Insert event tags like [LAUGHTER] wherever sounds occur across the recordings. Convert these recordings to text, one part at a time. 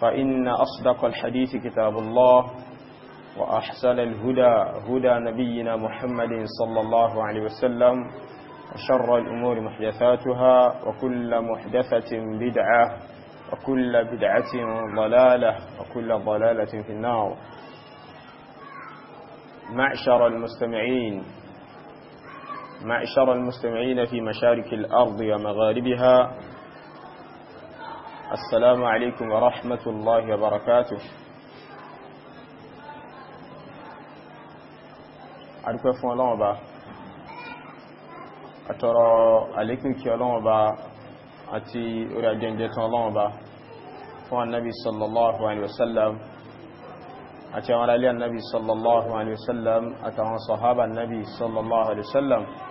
فإن أصدق الحديث كتاب الله وأحسن الهدى هدى نبينا محمد صلى الله عليه وسلم وشر الأمور محدثاتها وكل محدثة بدعة وكل بدعة ضلالة وكل ضلالة في النار معشر المستمعين معشر المستمعين في مشارك الأرض ومغاربها السلام عليكم ورحمة الله وبركاته أدوك فون الله با أترى عليكم كي الله با أتي أرى جنجت الله با فون النبي صلى الله عليه وسلم أتي أمر النبي صلى الله عليه وسلم أتى صحابة النبي صلى الله عليه وسلم أتى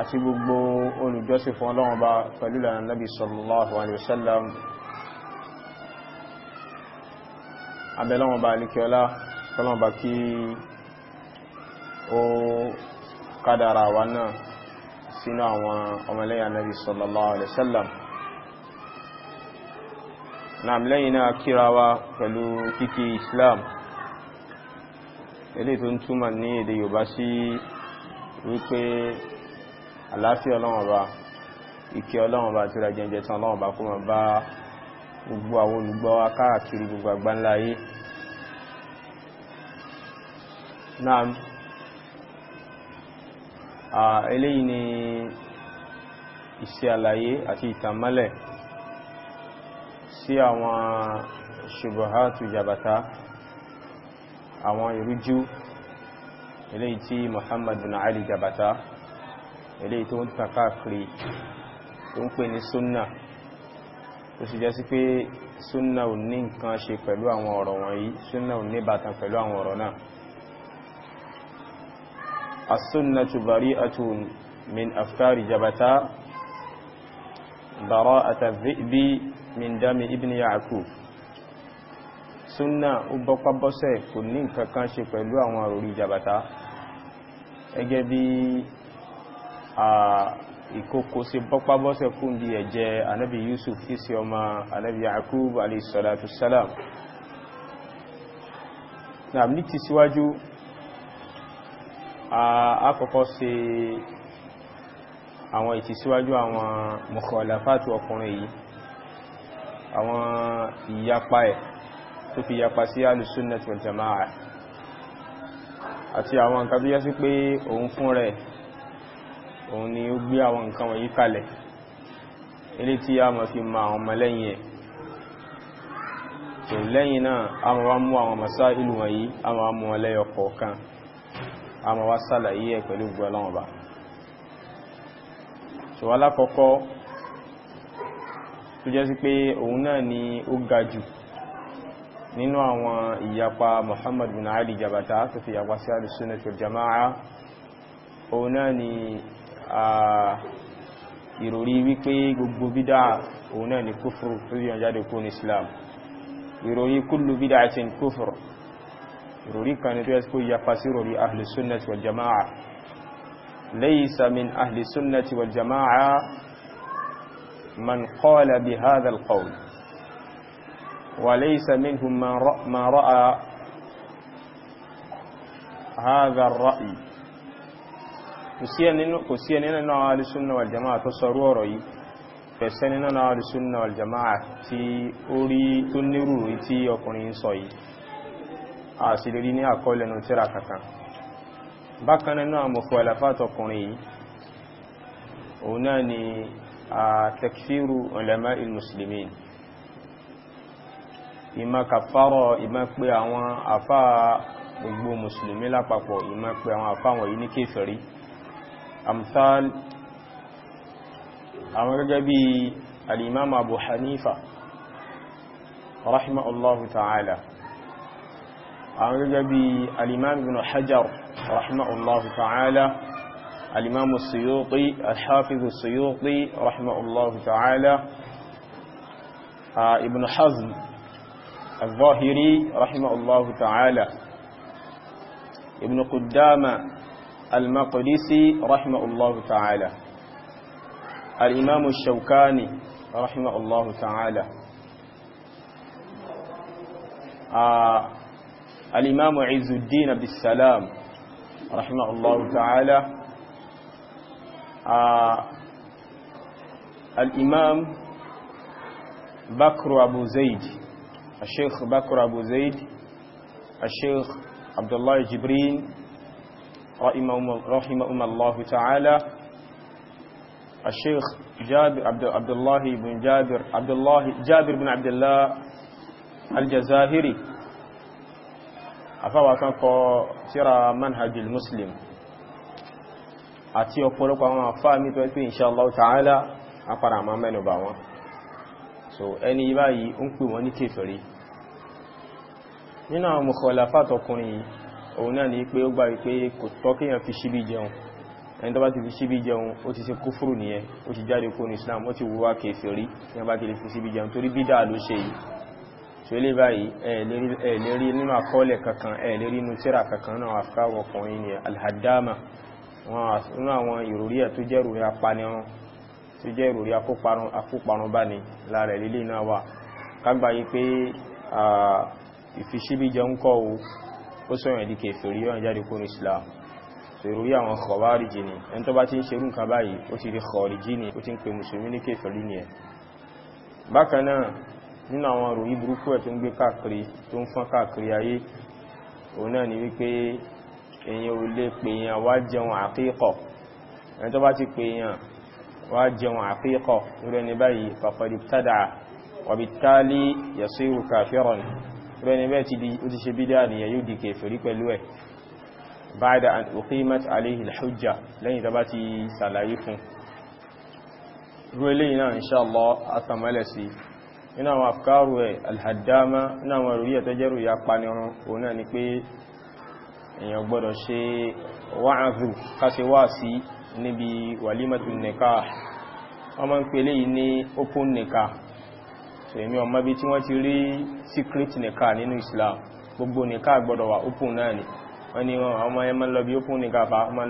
àti gbogbo olùjọ́sìn fún ọlọ́run bá pẹ̀lú ìlànà Nabi sallallahu alaihi wasallam abẹ́lọ́wọ́n bá alikiola kọlọ́wọ́n bá kí ó kádàrà wa náà sínú àwọn ọmọlẹ́yà Nabi sallallahu alaihi wasallam naam lẹ́yìn náà kíra wa pẹ̀lú kíkí Islam àlàáfíà ọlọ́run ọba ìkẹ́ ọlọ́run ọba àti ìrajẹ̀jẹ̀ tán ọlọ́run ọba kó máa bá gbogbo àwọn olùgbọ́ wa káàkiri gbogbo àgbáńlá ayé náà eléyìí ni iṣẹ́ àlàyé àti ìtàmọ́lẹ̀ sí àwọn ṣubuhatu jabata àwọn ìrújú eléyìí tí Muhammad bin Ali jabata eléyìí tó ń tàn káàkiri tó ń pè ní súnà tó sì jẹ́ sí pé súnà ò ní nǹkan ṣe pẹ̀lú àwọn ọ̀rọ̀ wọ̀nyí súnà ò ní bàtàn pẹ̀lú àwọn ọ̀rọ̀ náà as-sunnatu bari'atun min afkari jabata bara'ata dhi'bi min dami ibn ya'qub súnà ó bọ́pá bọ́sẹ̀ kò ní nǹkan kan ṣe pẹ̀lú àwọn àròrí jabata gẹ́gẹ́ bí ìkókó sí bọ́pá bọ́sẹ̀ kún bí ẹ̀jẹ̀ anábi yusuf tí sí ọmọ anábi yakub alaihissalatu salam na ní ti síwájú a kọ́kọ́ sí àwọn ìtìsíwájú àwọn mukhalafatu ọkùnrin yìí àwọn ìyapa ẹ̀ tó fi yapa sí alùsùnnà wal jama'a àti àwọn nǹkan tó yá sí pé òun fún rẹ̀ òun ni ó gbé àwọn nǹkan wọ̀nyí kalẹ̀ ilé tí a mọ̀ fi ma àwọn ọmọlẹ́yìn ẹ̀ tó lẹ́yìn náà a mọ̀ wá mú àwọn masá ìlú wọ̀nyí a mọ̀ wá mú wọn lẹ́yọ kọ̀ọ̀kan a mọ̀ wá sàlàyé ẹ̀ pẹ̀lú gbọ́lọ́wọ̀ba ba. ni Muhammad Ali Jabata fi ìròrí wípé gbogbo bídá òun náà ni kúfùrù tó yàn jáde kó ní islam ìròrí kúlù bídá àti kúfùrù ìròrí kan ni tó yẹ kó yapa sí ròrí ahli sunnati jama'a lẹ́yìn samin ahli sunnati jama'a man kọ́lá bi hadha al kò sí ẹni nínú àwọn alìsúnnà wàljamaà tó sọrú ọ̀rọ̀ yìí pẹ̀sẹ̀ nínú àwọn alìsúnnà wàljamaà tí ó rí tó nírù rí tí ọkùnrin sọ yìí a sì lè rí ní àkọọ́lẹ̀ nù tíra kankan bákan nínú àmọ̀fò àlàfáàtọ̀ ọkùnrin yìí òun náà ni a takfiru ulama il-muslimin ìmá kàfàrọ̀ ìmá pé àwọn àfáà gbogbo mùsùlùmí lápapọ̀ ìmá pé àwọn àfáà wọ̀nyí ní kéfèrí أمثال أمر جبي الإمام أبو حنيفة رحمه الله تعالى أمر جبي الإمام ابن حجر رحمه الله تعالى الإمام السيوطي الحافظ السيوطي رحمه الله تعالى آه، ابن حزم الظاهري رحمه الله تعالى ابن قدامة المقدسي رحمه الله تعالى الإمام الشوكاني رحمه الله تعالى آه، الإمام عز الدين بالسلام رحمه الله تعالى آه، الإمام بكر أبو زيد الشيخ بكر أبو زيد الشيخ عبد الله جبرين رحمهم الله تعالى الشيخ جابر عبد الله بن جابر عبد الله جابر بن عبد الله الجزاهري afáwà kan kọ tíra manhajul muslim àti ọ̀pọ̀lọpọ̀ àwọn afá mi tó ẹ́pẹ́ inṣàlọ́wọ́ tààlá apara ma mẹ́nubà wọn so ẹni báyìí ń pè wọ́n ní kèfèrí nínú àwọn mọ̀kànlá fàtọkùnrin yìí òun náà ni pé ó gbà wípé kò tọ́ kéèyàn fi ṣíbí jẹun ẹni tó bá ti fi ṣíbí jẹun ó ti ṣe kúfùrù nìyẹn ó ti jáde kó ní Islam ó ti wúwá kèfè rí ní bá kèlè fi ṣíbí jẹun torí bídà ló ṣe yìí tó lè báyìí ẹ̀ lérí ni alhadama nínú àwọn ìròrí ẹ̀ tó jẹ́ ìròrí apanirun tó jẹ́ ìròrí akóparun bá ní lára ẹ̀ lílé náà ìfiṣíbí jẹun kọ́ o ó sọ̀rọ̀ ìdí kèfèrí yọ́n jáde kúrò islam sọ̀rọ̀ yí àwọn kọ̀wárìjì ni ẹni tó bá ti ń ṣerú nǹkan báyìí ó ti di kọ̀ọ̀rìjì ni ó ti ń pè mùsùlùmí ní kèfèrí ni ẹ̀ bákan náà nínú àwọn òròyí burúkú ẹ̀ tó ń gbé káàkiri tó ń fọ́n káàkiri sọ́rọ̀ ẹni bẹ́ẹ̀ ó ti ṣe bídá nìyẹn yóò di kèfèrí pẹ̀lú ẹ̀ báyìdá and uqimat alayhi al-hujja lẹ́yìn tàbá ti sàlàyé fún rú eléyìí náà inṣáàlọ́ àtàmọ́lẹ̀ sí iná àwọn alhaddama iná àwọn orí ẹ̀ tọ́jẹ́rù ya panirun òun ni pé èèyàn gbọ́dọ̀ ṣe wa'azu kásẹ̀ wá sí walimatun nikah wọ́n máa ń pè eléyìí open nikah èmi ọmọ bí tí wọ́n ti rí secret nìka nínú Islam gbogbo nìka gbọ́dọ̀ wà open náà ni wọ́n ni wọ́n ọmọ ẹ máa ń lọ bí open nìka fa ọmọ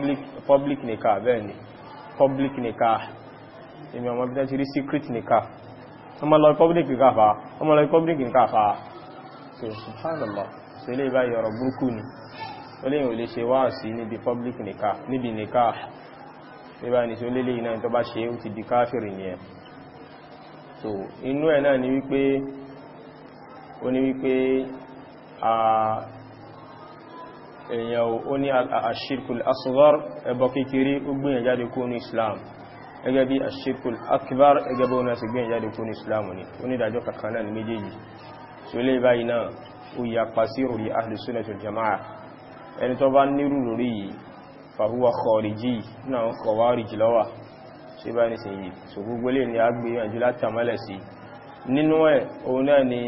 ń public nìka bẹ́ẹ̀ public nìka èmi ọmọ bí tí rí secret nìka ọmọ lọ public nìka fa ọmọ lọ public nìka fa so subhanallah ṣe lè báyìí ọ̀rọ̀ burúkú ni ó lè ṣe wáàsí níbi public nìka níbi nìka síbá ní tí ó lélé iná tó bá ṣe ó ti di káfìrì ní ẹ̀ so inú ẹ̀ náà ni wípé ó ní wípé a èyàn ó ní ashirkul asghar ẹbọ kékeré ó gbìyàn jáde kó ní islam gẹ́gẹ́ bí ashirkul akbar gẹ́gẹ́ bó náà sì gbìyàn jáde kó ní islam ni ó ní ìdájọ́ kankan náà ní méjèèjì so lè báyìí náà ó yà pàṣírò lè ahli jama'a ẹni tó bá nírú lórí yìí fàhúwà kọ̀ọ̀rìjì náà ń kọ̀wà rìjìlọ́wà ṣe bá ní sí yìí so gbogbo lè ní agbìyànjú látàmọ́lẹ̀ sí nínú ẹ̀ òun náà ni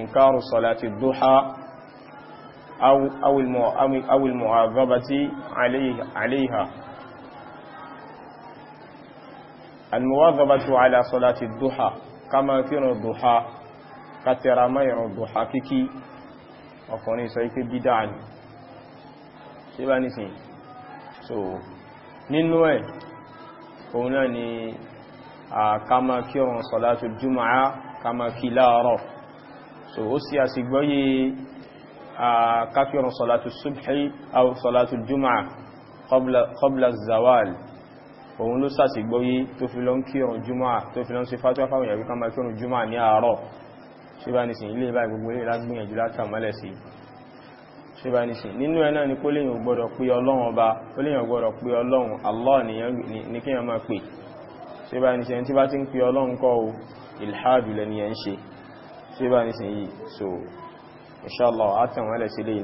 inkaru salati duha awil mu'azabati alayha al-mu'azabatu ala salati duha kama kírun duha katira mayarun duha kiki ọkùnrin sọ ipé bídá ni ṣe bá nìsìn so nínú ẹ̀ òun náà ni a ká ma kí ọ̀run sọ̀látù jùmọ̀á ká ma kí láàárọ̀ so ó sì àsìgbọ́yé a ká kí ọ̀run sọ̀látù subhi aw sọ̀látù jùmọ̀á qabla zawal òun ló sàsìgbọ́yé tó fi lọ kí ọ̀run jùmọ̀á ṣíbá nìsìn ilé ìbá gbogbo ilé lágbìyànjú látàmọ́lẹ̀ sí ṣíbá nìsìn nínú ẹ̀ náà ni kó léyìn gbọ́dọ̀ pé ọlọ́run ọba kó léyìn gbọ́dọ̀ pé ọlọ́run allah ni kí yẹn máa pè ṣíbá nìsìn ẹni tí bá ti ń pè ọlọ́run kọ́ o ilhadu lẹni ẹ̀ ń ṣe ṣíbá yìí so inshallah àtàmọ́lẹ̀ sí ilé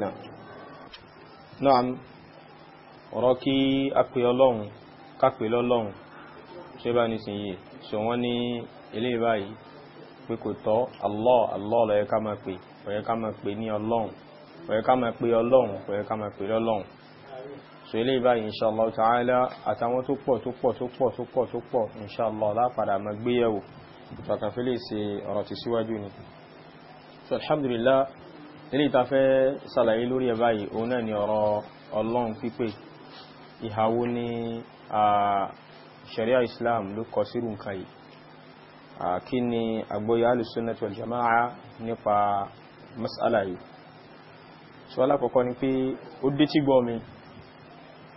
náà pé kò tọ́ Allah Allah ló yẹ ká máa pè ó yẹ ká máa pè ní ọlọ́run ó yẹ ká máa pè ọlọ́run ó yẹ ká máa pè lọ́lọ́run so eléyìí báyìí inshallah ta'ala àtàwọn tó pọ̀ tó pọ̀ tó pọ̀ tó pọ̀ tó pọ̀ inshallah lápadà máa gbéyẹ̀wò tọkàfẹ́lẹ̀ ṣe ọ̀rọ̀ ti síwájú ni so alhamdulillah eléyìí tá Islam ló kọ kí ni agbóyá alùsùnnàtì wal jama'a nípa mas'ala yìí so alákọ̀ọ́kọ́ ni pé ó dé tí gbọ́ mi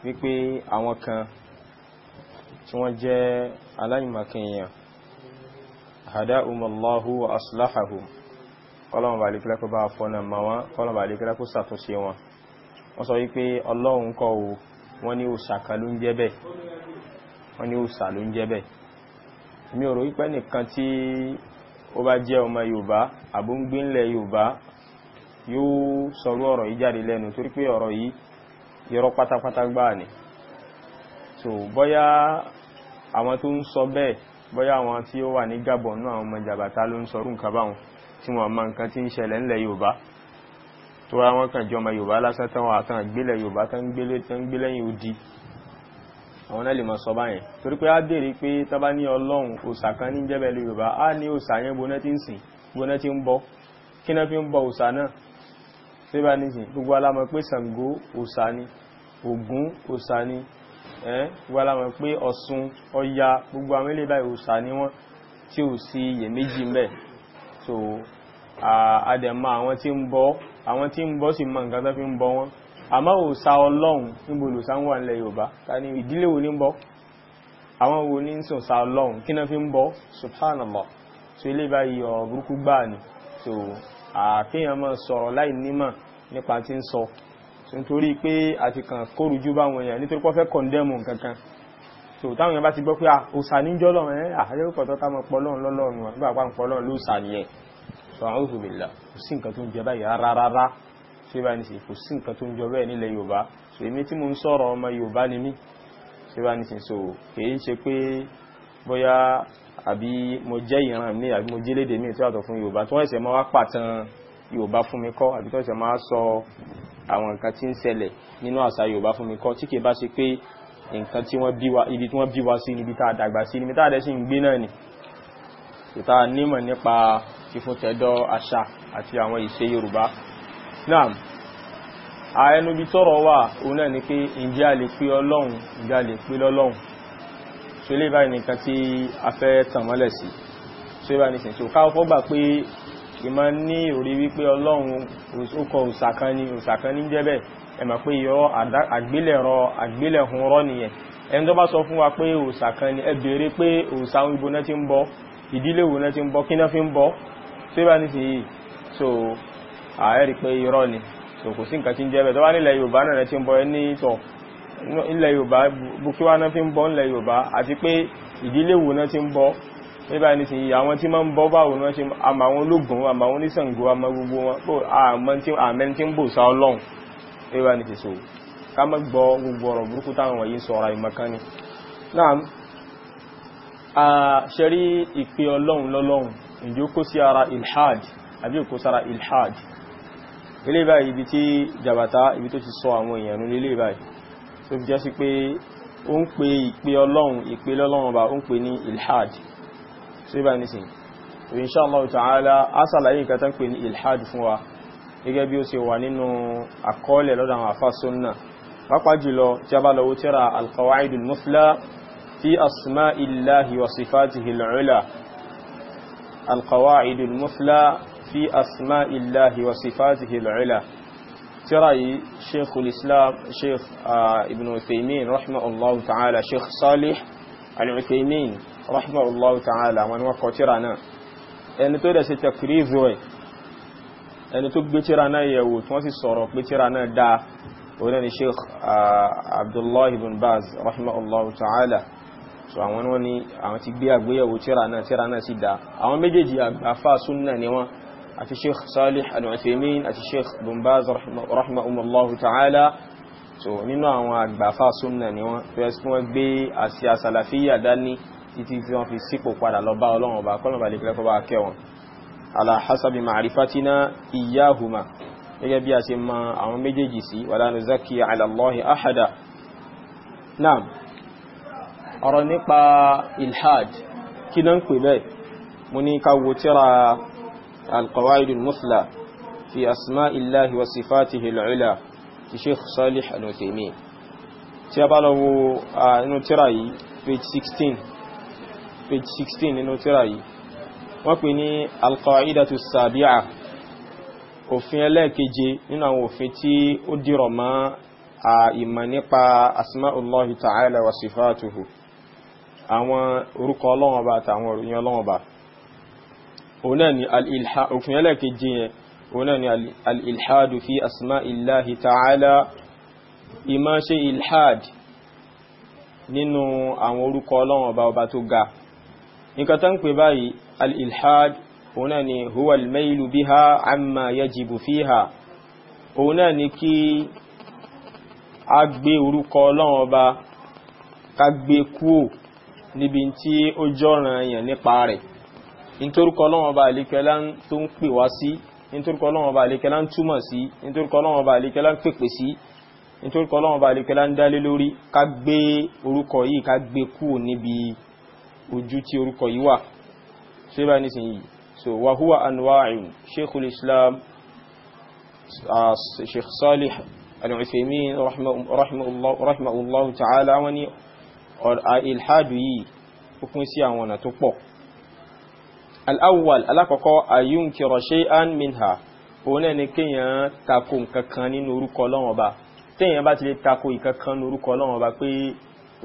wípé àwọn kan tí wọ́n jẹ́ aláìmọ̀kìyàn hada umallahu wa aslahu kọ́lọ̀mù bá lékílá kó bá fọ́nà ma wọ́n kọ́lọ̀mù bá lékílá kó sàtúnṣe wọn wọ́n sọ mi ò rò wípé nìkan tí ó bá jẹ́ ọmọ yorùbá àbóngbínlẹ̀ yorùbá yóò sọ̀rọ̀ ọ̀rọ̀ yìí jáde lẹ́nu torí pé ọ̀rọ̀ yìí yọrọ̀ pátápátá gbáà ni so bóyá àwọn tó ń sọ bẹ́ẹ̀ bóyá àwọn tí ó wà ní gabon náà àwọn ọmọ jàbàtà ló ń sọrú nǹkan báwọn tí wọ́n mọ nǹkan tí ń ṣẹlẹ̀ ńlẹ̀ yorùbá tó wá wọn kàn jọ ọmọ yorùbá lásán tán wọn àtàn gbélẹ̀ yorùbá tán gbélẹ̀ yìí ó di àwọn náà lè mọ̀ sọ báyẹn torí pé á bèèrè pé tọ́bá ní ọlọ́run òsà kan ní jẹ́bẹ̀ lè yorùbá á ní òsà yẹn gbóná tí ń sìn gbóná tí ń bọ kí náà fi ń bọ òsà náà tí bá ní sìn gbogbo alámọ̀ pé Ṣàngó òsà ni Ògún òsà ni gbogbo alámọ̀ pé Ọ̀ṣun Ọya gbogbo àwọn ilé báyìí òsà ni wọ́n so àdẹ̀mọ àwọn tí ń bọ àwọn àmọ́ òòsà ọlọ́run níbo lòsà ń wà nílẹ̀ yorùbá ta ni ìdílé wo ní ń bọ́ àwọn wo ní ń sòsà ọlọ́run kí náà fi ń bọ́ subhanallah so ilé báyìí ọ̀rọ̀ burúkú gbáà ni so àfihàn máa sọ̀rọ̀ láì nímọ̀ nípa tí ń sọ nítorí pé àti kàn kórujú báwọn èèyàn nítorí pọ́fẹ́ kọ̀ndẹ́mù kankan so táwọn èèyàn bá ti gbọ́ pé òòsà ní jọ́lọ̀ ẹ̀ àdéhùkọ̀ tó ṣé bá ní sì kò sí nǹkan tó ń jọ bẹ́ẹ̀ nílẹ̀ yorùbá so èmi tí mo ń sọ̀rọ̀ ọmọ yorùbá ni mí ṣé bá ní sì so kìí ṣe pé bóyá àbí mo jẹ́ ìran mi àbí mo jẹ́ léde mi tó yàtọ̀ fún yorùbá tó ẹ̀sẹ̀ máa wá pàtàn yorùbá fún mi kọ́ àbí tó ẹ̀sẹ̀ máa sọ àwọn nǹkan tí ń ṣẹlẹ̀ nínú àṣà yorùbá fún mi kọ́ tí kìí bá ṣe pé nǹkan tí wọ́n bí wa ibi tí wọ́n bí wa sí ibi tá a dàgbà sí ibi tá a dẹ̀ sí ń gbé náà ni ìta nímọ̀ nípa fífún tẹ̀dọ̀ àṣà àti àwọn ìṣe yorùbá náà àẹnubi tọ́rọ wà òun náà ni pé ǹjẹ́ a lè pé ọlọ́run ǹjẹ́ a lè pé lọ́lọ́run ṣe lè báyìí nìkan tí a fẹ́ tàn mọ́lẹ̀ sí ṣe báyìí nìkan tí ó káwọ́ fọ́gbà pé ìmọ̀ ní orí wípé ọlọ́run ó kọ òsàkan ní òsàkan jẹ́bẹ̀ ẹ̀mọ̀ pé yọ àgbélẹ̀rọ ààrẹ pé irọ́ ni so kò sí nǹkan tí ń jẹ́ bẹ̀ tó wá nílẹ̀ Yorùbá náà ti ń bọ ẹni tọ̀ ilẹ̀ Yorùbá bukiwa náà fi ń bọ ilẹ̀ Yorùbá àti pé ìdílé wo náà ti ń bọ nígbà ní ti àwọn tí máa ń bọ báwo náà ṣe àmà àwọn ológun àmà àwọn oníṣàngó àmà gbogbo wọn pò tí ń bò sá ọlọ́run a ṣe rí ìpè ọlọ́run lọ́lọ́run ìjókòó sí ara ilhad àbí òkó sára ilhad ilé báyìí ibi tí jàbàtà ibi tó ti sọ àwọn èèyàn nú ilé báyìí tó fi jẹ́ sí pé ó ń pe ìpè ọlọ́run ìpè lọ́lọ́run ọba ó ń pe ní ilhad tó yí bá ní sìn insha Allah ta'ala asàlàyé nǹkan tó ń pe ní ilhad fún wa gẹ́gẹ́ bí ó ṣe wà nínú àkọọ́lẹ̀ lọ́dọ̀ àwọn àfá mufla fi asma'illahi wa sifatihi al'ula tírà yìí sheikhul islam sheikh uh, ibn uthaymin rahimahullahu ta'ala sheikh salih al-uthaymin rahimahullahu ta'ala wọn wọ́n kọ tírà náà ẹni tó dẹ̀ sí takrizu rẹ̀ ẹni tó gbé tírà náà yẹ̀wò tí wọ́n sì sọ̀rọ̀ pé tírà náà dáa orí ni sheikh uh, abdullahi ibn baz rahimahullahu ta'ala so àwọn wọn ni àwọn ti gbé àgbéyẹ̀wò tírà náà tírà náà sì dáa àwọn méjèèjì àgbàfà súnnà ni wọ́n àti sheikh salih al-uthaymin àti sheikh bumbaz rahimahumullahu ta'ala so nínú àwọn àgbàfà súnnà ni wọ́n tó ẹsùn wọ́n gbé àti àsàlàfíyà dání títí tí wọ́n fi sípò padà lọ bá ọlọ́run ọ̀rọ̀ nípa ilhad kí náà ń pè bẹ́ẹ̀ mo ní ká wo tíra القواعد المثلى في أسماء الله وصفاته العلى في شيخ صالح الوثيمين تيباله انو تراي page 16 page 16 انو تراي وقني القاعدة السابعة òfin ẹlẹ́ẹ̀keje nínú àwọn òfin tí ó dìrọ̀ mọ́ a ìmọ̀ nípa asma'ullahi ta'ala wa sifatuhu àwọn orúkọ ọlọ́wọ̀n bá àtàwọn òròyìn ọlọ́wọ̀n bá òun náà ni al-ilha òfin ẹlẹ́kejì yẹn òun náà ni al-ilhadu fi asma'illahi ta'ala ìmá ṣe ilhad nínú àwọn orúkọ ọlọ́run ọba ọba tó ga nǹkan tó ń pè báyìí al òun ni huwa al-mailu biha amma yajibu fiha òun ni kí a gbé orúkọ ọlọ́run ọba ká gbé kúò níbi tí ó jọ́ràn èèyàn nípa rẹ̀ nítorúkọ ọlọ́wọ́n bá àlékẹ́lá tó ń pè wá sí nítorúkọ ọlọ́wọ́n bá àlékẹ́lá ń túmọ̀ sí nítorúkọ ọlọ́wọ́n bá àlékẹ́lá ń pèpè so wàhúwà anwa'in sheikhul islam sheikh salih al-Uthaymin rahimahullahu ta'ala wani ilhadu yìí ó pín sí àwọn ọ̀nà tó al-awwal alákọ̀ọ́kọ́ ayunkiro shay'an minha òun náà ni kéèyàn tako nkankan nínú orúkọ ọlọ́run ọba téèyàn bá ti lè tako ìkankan nínú orúkọ ọlọ́run ọba pé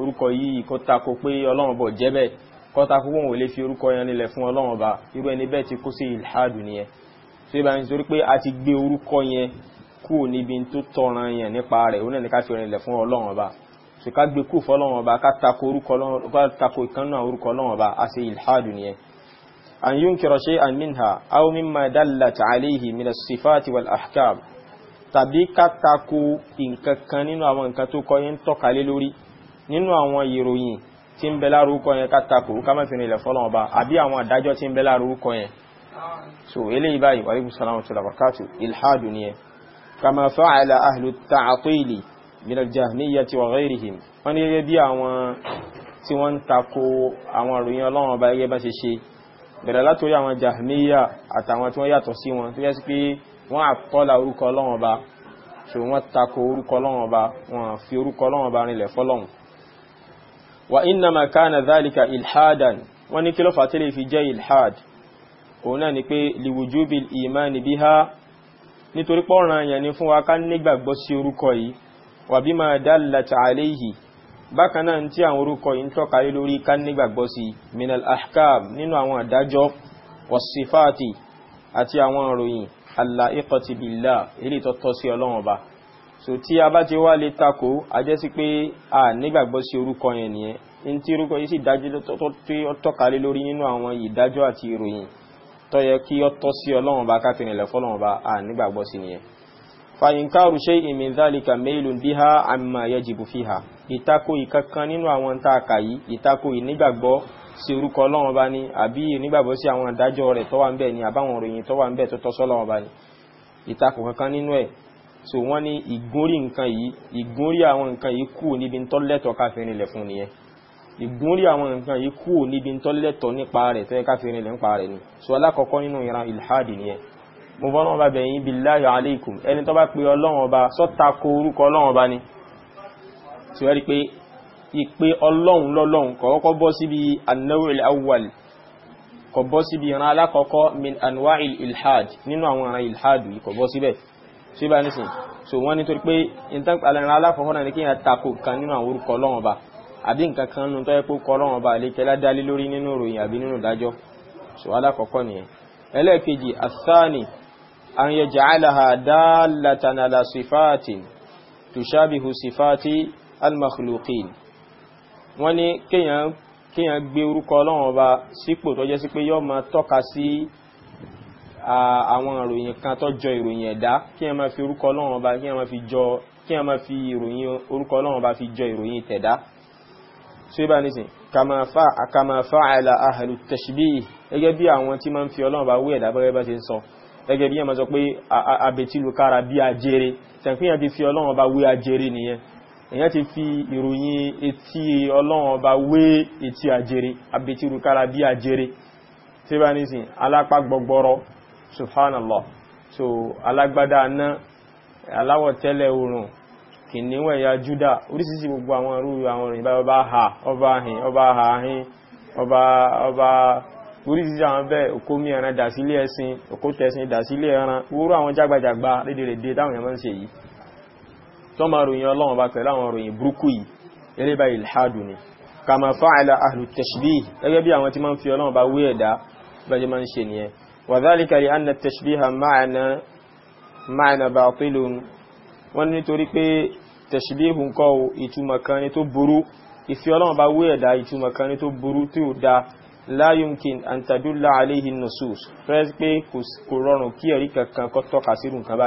orúkọ yìí kó tako pé ọlọ́run ọba jẹ́ bẹ́ẹ̀ kó tako wọn ò lè fi orúkọ yẹn nílẹ̀ fún ọlọ́run ọba irú ẹni bẹ́ẹ̀ ti kó sí ilhadu nìyẹn tó yẹ bá ń sọ pé a ti gbé orúkọ yẹn kúrò níbi tó tọran yẹn nípa rẹ̀ òun náà ni ká fi rìn lẹ̀ fún ọlọ́run ọba ṣùkà gbé kúrò fọlọ́run ọba ká tako orúkọ ọlọ́run ọba a ṣe ilhadu nìyẹn أن ينكر شيئا منها أو مما دلت عليه من الصفات والأحكام tàbí kátàkù nǹkan kan nínú àwọn nǹkan tó kọ́ yẹn tọ́ka lé lórí nínú àwọn ìròyìn tí ń bẹ lárúkọ yẹn kátàkù ká má fi nílẹ̀ fọ́lọ́n ọba àbí àwọn àdájọ́ tí ń bẹ lárúkọ yẹn so eléyìí báyìí wa alaykum salaam tó làbàkátù ilhadu ni ẹ kama fa'ala ahlu ta'atili min al-jahmiyyati wa ghayrihim wọ́n ní gẹ́gẹ́ bí àwọn tí wọ́n ń tako àwọn ìròyìn ọlọ́run ọba gẹ́gẹ́ bá ṣe ṣe bẹ̀rẹ̀ látòrí àwọn jahmiya àtàwọn tí wọ́n yàtọ̀ sí wọn tó yẹ sí pé wọ́n àtọ́là orúkọ ọlọ́run ọba so wọ́n tako orúkọ ọlọ́run ọba wọ́n fi orúkọ ọlọ́run ọba rinlẹ̀ fọ́lọ́run wa innama kana dhalika ilhadan wọ́n ní kí ló fi jẹ́ ilhad òun náà ni pé imani biha nítorí ni fún wa ká nígbàgbọ́ sí orúkọ yìí wa bima bákan náà tí àwọn orúkọ yìí ń tọ́ka lé lórí ká nígbàgbọ́ sí minal ahkam nínú àwọn àdájọ́ wasifati àti àwọn ìròyìn allaiqati billah èyí tó tọ́ sí ọlọ́run ọba so tí a bá ti wá lè takò a jẹ́ sí pé a nígbàgbọ́ sí orúkọ yẹn nìyẹn ní tí orúkọ yìí sì dájú tọ́ka lé lórí nínú àwọn ìdájọ́ àti ìròyìn tó yẹ kí ó tọ́ sí ọlọ́run káfíìn ilẹ̀ fọlọ́run a nígbàgbọ́ sí nìyẹn fa inkaru shay'in min dhalika mailun biha amma yajibu fiha ìtakò ìkankan nínú àwọn tá a kà yìí ìtakò ìnígbàgbọ́ sí orúkọ ọlọ́run bá ní àbí ìnígbàgbọ́ sí àwọn ìdájọ́ rẹ̀ tó wà ń bẹ̀ ni àbáwọn òròyìn tó wà ń bẹ̀ tó tọ́ sọ́lọ́run bá ní ìtakò kankan nínú ẹ̀ so wọ́n ní ìgúnrí nǹkan yìí ìgúnrí àwọn nǹkan yìí kù níbi tó lẹ́tọ̀ọ́ káfíìn ilẹ̀ fún nìyẹn ìgúnrí àwọn nǹkan yìí kù níbi tó lẹ́tọ̀ọ́ nípa rẹ̀ tó yẹ káfíìn ilẹ̀ nípa rẹ̀ ni so alákọ̀ọ́kọ́ nínú ìran ilhadi nìyẹn mo bọ́ náà bá bẹ̀yìn billahi alaykum ẹni tó bá pe ọlọ́run ọba sọ́ta ko orúkọ ọlọ́run ọba ni tí wọ́n rí pé ìpè ọlọ́run lọ́lọ́run kọ̀ọ̀kọ́ bọ́ síbi anáwìl awwal kò bọ́ síbi ìran alákọ̀ọ́kọ́ min anwa'il ilhad nínú àwọn ìran ilhad yìí kò bọ́ síbẹ̀ tí bá nísìn so wọ́n nítorí pé ìran alákọ̀ọ́kọ́ náà ní kí yẹn tako kan nínú àwọn orúkọ ọlọ́run ọba àbí nǹkan kan nínú tọ́yẹ́ pé kọlọ́run ọba àlékẹ́lá dálé lórí nínú ìròyìn àbí sifati al-makhluqin wọ́n ní kéèyàn gbé orúkọ ọlọ́run ọba sípò tó jẹ́ sí pé yọ́ máa tọ́ka sí àwọn ìròyìn kan tó jọ ìròyìn ẹ̀dá kéèyàn máa fi orúkọ ọlọ́run ọba kéèyàn máa fi jọ kéèyàn máa fi ìròyìn orúkọ ọlọ́run ọba fi jọ ìròyìn tẹ̀dá ṣé bá nísìn kama fa'ala ahlu tashbih gẹ́gẹ́ bí àwọn tí máa ń fi ọlọ́run ọba wé ẹ̀dá bẹ́rẹ́ bá ṣe ń sọ gẹ́gẹ́ bí yẹn máa sọ pé abetilu kára bí ajere tẹ̀kúnyàn ti fi ọlọ́run ọba wé ajere nìyẹn èyàn ti fi ìròyìn etí ọlọ́run ọba wé etí àjèrè abetirukára bí àjèrè tí bá nísìn alápá gbọgbọrọ subhanallah so alágbádá aná aláwọ̀ tẹ́lẹ̀ oòrùn kìnníwọ̀ ẹ̀yà júdà orísìsì gbogbo àwọn irú àwọn òrìnbá ọba ha ọba ahìn ọba ahìn ọba ọba orísìsì àwọn bẹ́ẹ̀ òkó mi ẹran dà sílé ẹṣin òkó tẹṣin dà sílé ẹran wúrú àwọn jágbàjàgbà rédèrèdè táwọn èèyàn máa ń ṣe yìí tó ma ròyìn ọlọ́run bá pẹ̀lú àwọn ròyìn burúkú yìí eré bá ìlhádù ni kama fa'ala ahlu tashbih gẹ́gẹ́ bí àwọn tí ma ń fi ọlọ́run bá wé ẹ̀dá bá jẹ́ ma ń ṣe nìyẹn wa dhalika li anna tashbiha ma'na ma'na batilun wọ́n nítorí pé tashbih ń kọ́ ìtumọ̀ kan ní bá wé ẹ̀dá ní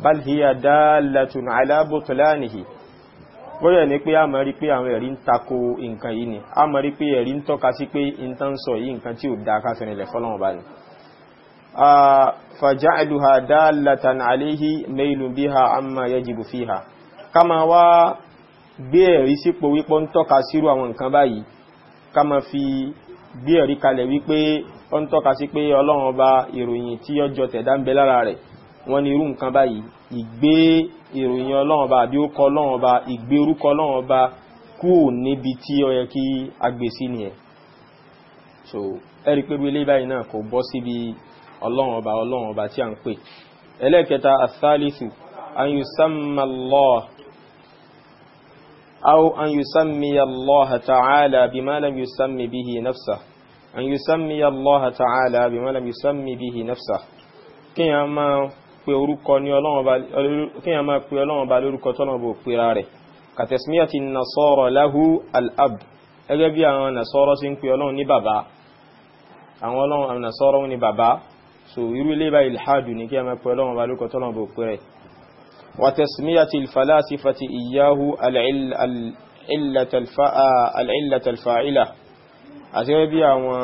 bal hiya dallatun ala butlanihi bóyẹ̀ ní pé a mọ̀ rí pé àwọn ẹ̀rí ń tako nǹkan ni a mọ̀ rí pé ẹ̀rí ń tọ́ka sí pé in tán sọ yìí nǹkan tí ò dá káfẹ́rin lẹ̀ fọ́lọ́wọ̀n bá ní faja'aluha dalatan alayhi mailun biha amma yajibu fiha ká ma wá gbé ẹ̀rí sípò wípọ́ ń tọ́ka sírú àwọn nǹkan báyìí ká fi gbé ẹ̀rí kalẹ̀ wípé ó ń sí pé ọlọ́run ọba ìròyìn tí ọjọ́ tẹ̀dá ń bẹ lára rẹ̀ wọ́n ní irú nǹkan báyìí ìgbé ìròyìn ọlọ́run ọba àbí orúkọ ọlọ́run ọba ìgbé orúkọ ọlọ́run ọba kúrò níbi tí ó yẹ kí agbèsí nìyẹn so ẹ̀rí pé ilé báyìí náà kò bọ́ síbi ọlọ́run ọba ọlọ́run ọba tí a ń pè ẹlẹ́ẹ̀kẹta asálìsù an yusamma Allah aw an yusammi Allah ta'ala nafsa an yusammi Allah ta'ala bima lam yusammi bihi nafsa máa pe orúkọ ní ọlọ́wọ́n ba lórúkọ tọ́lọ́wọ́n bò pera rẹ̀ kàtẹ̀símíyàtì nasọ́rọ̀ láhú al'ab ẹgẹ́ bí àwọn nasọ́rọ̀ sí ń pe ọlọ́wọ́n ní bàbá àwọn ọlọ́wọ́n nasọ́rọ̀ ní bàbá so irú ilé bá ilhadu ní kí a máa pe ọlọ́wọ́n àti ẹgẹ́ àwọn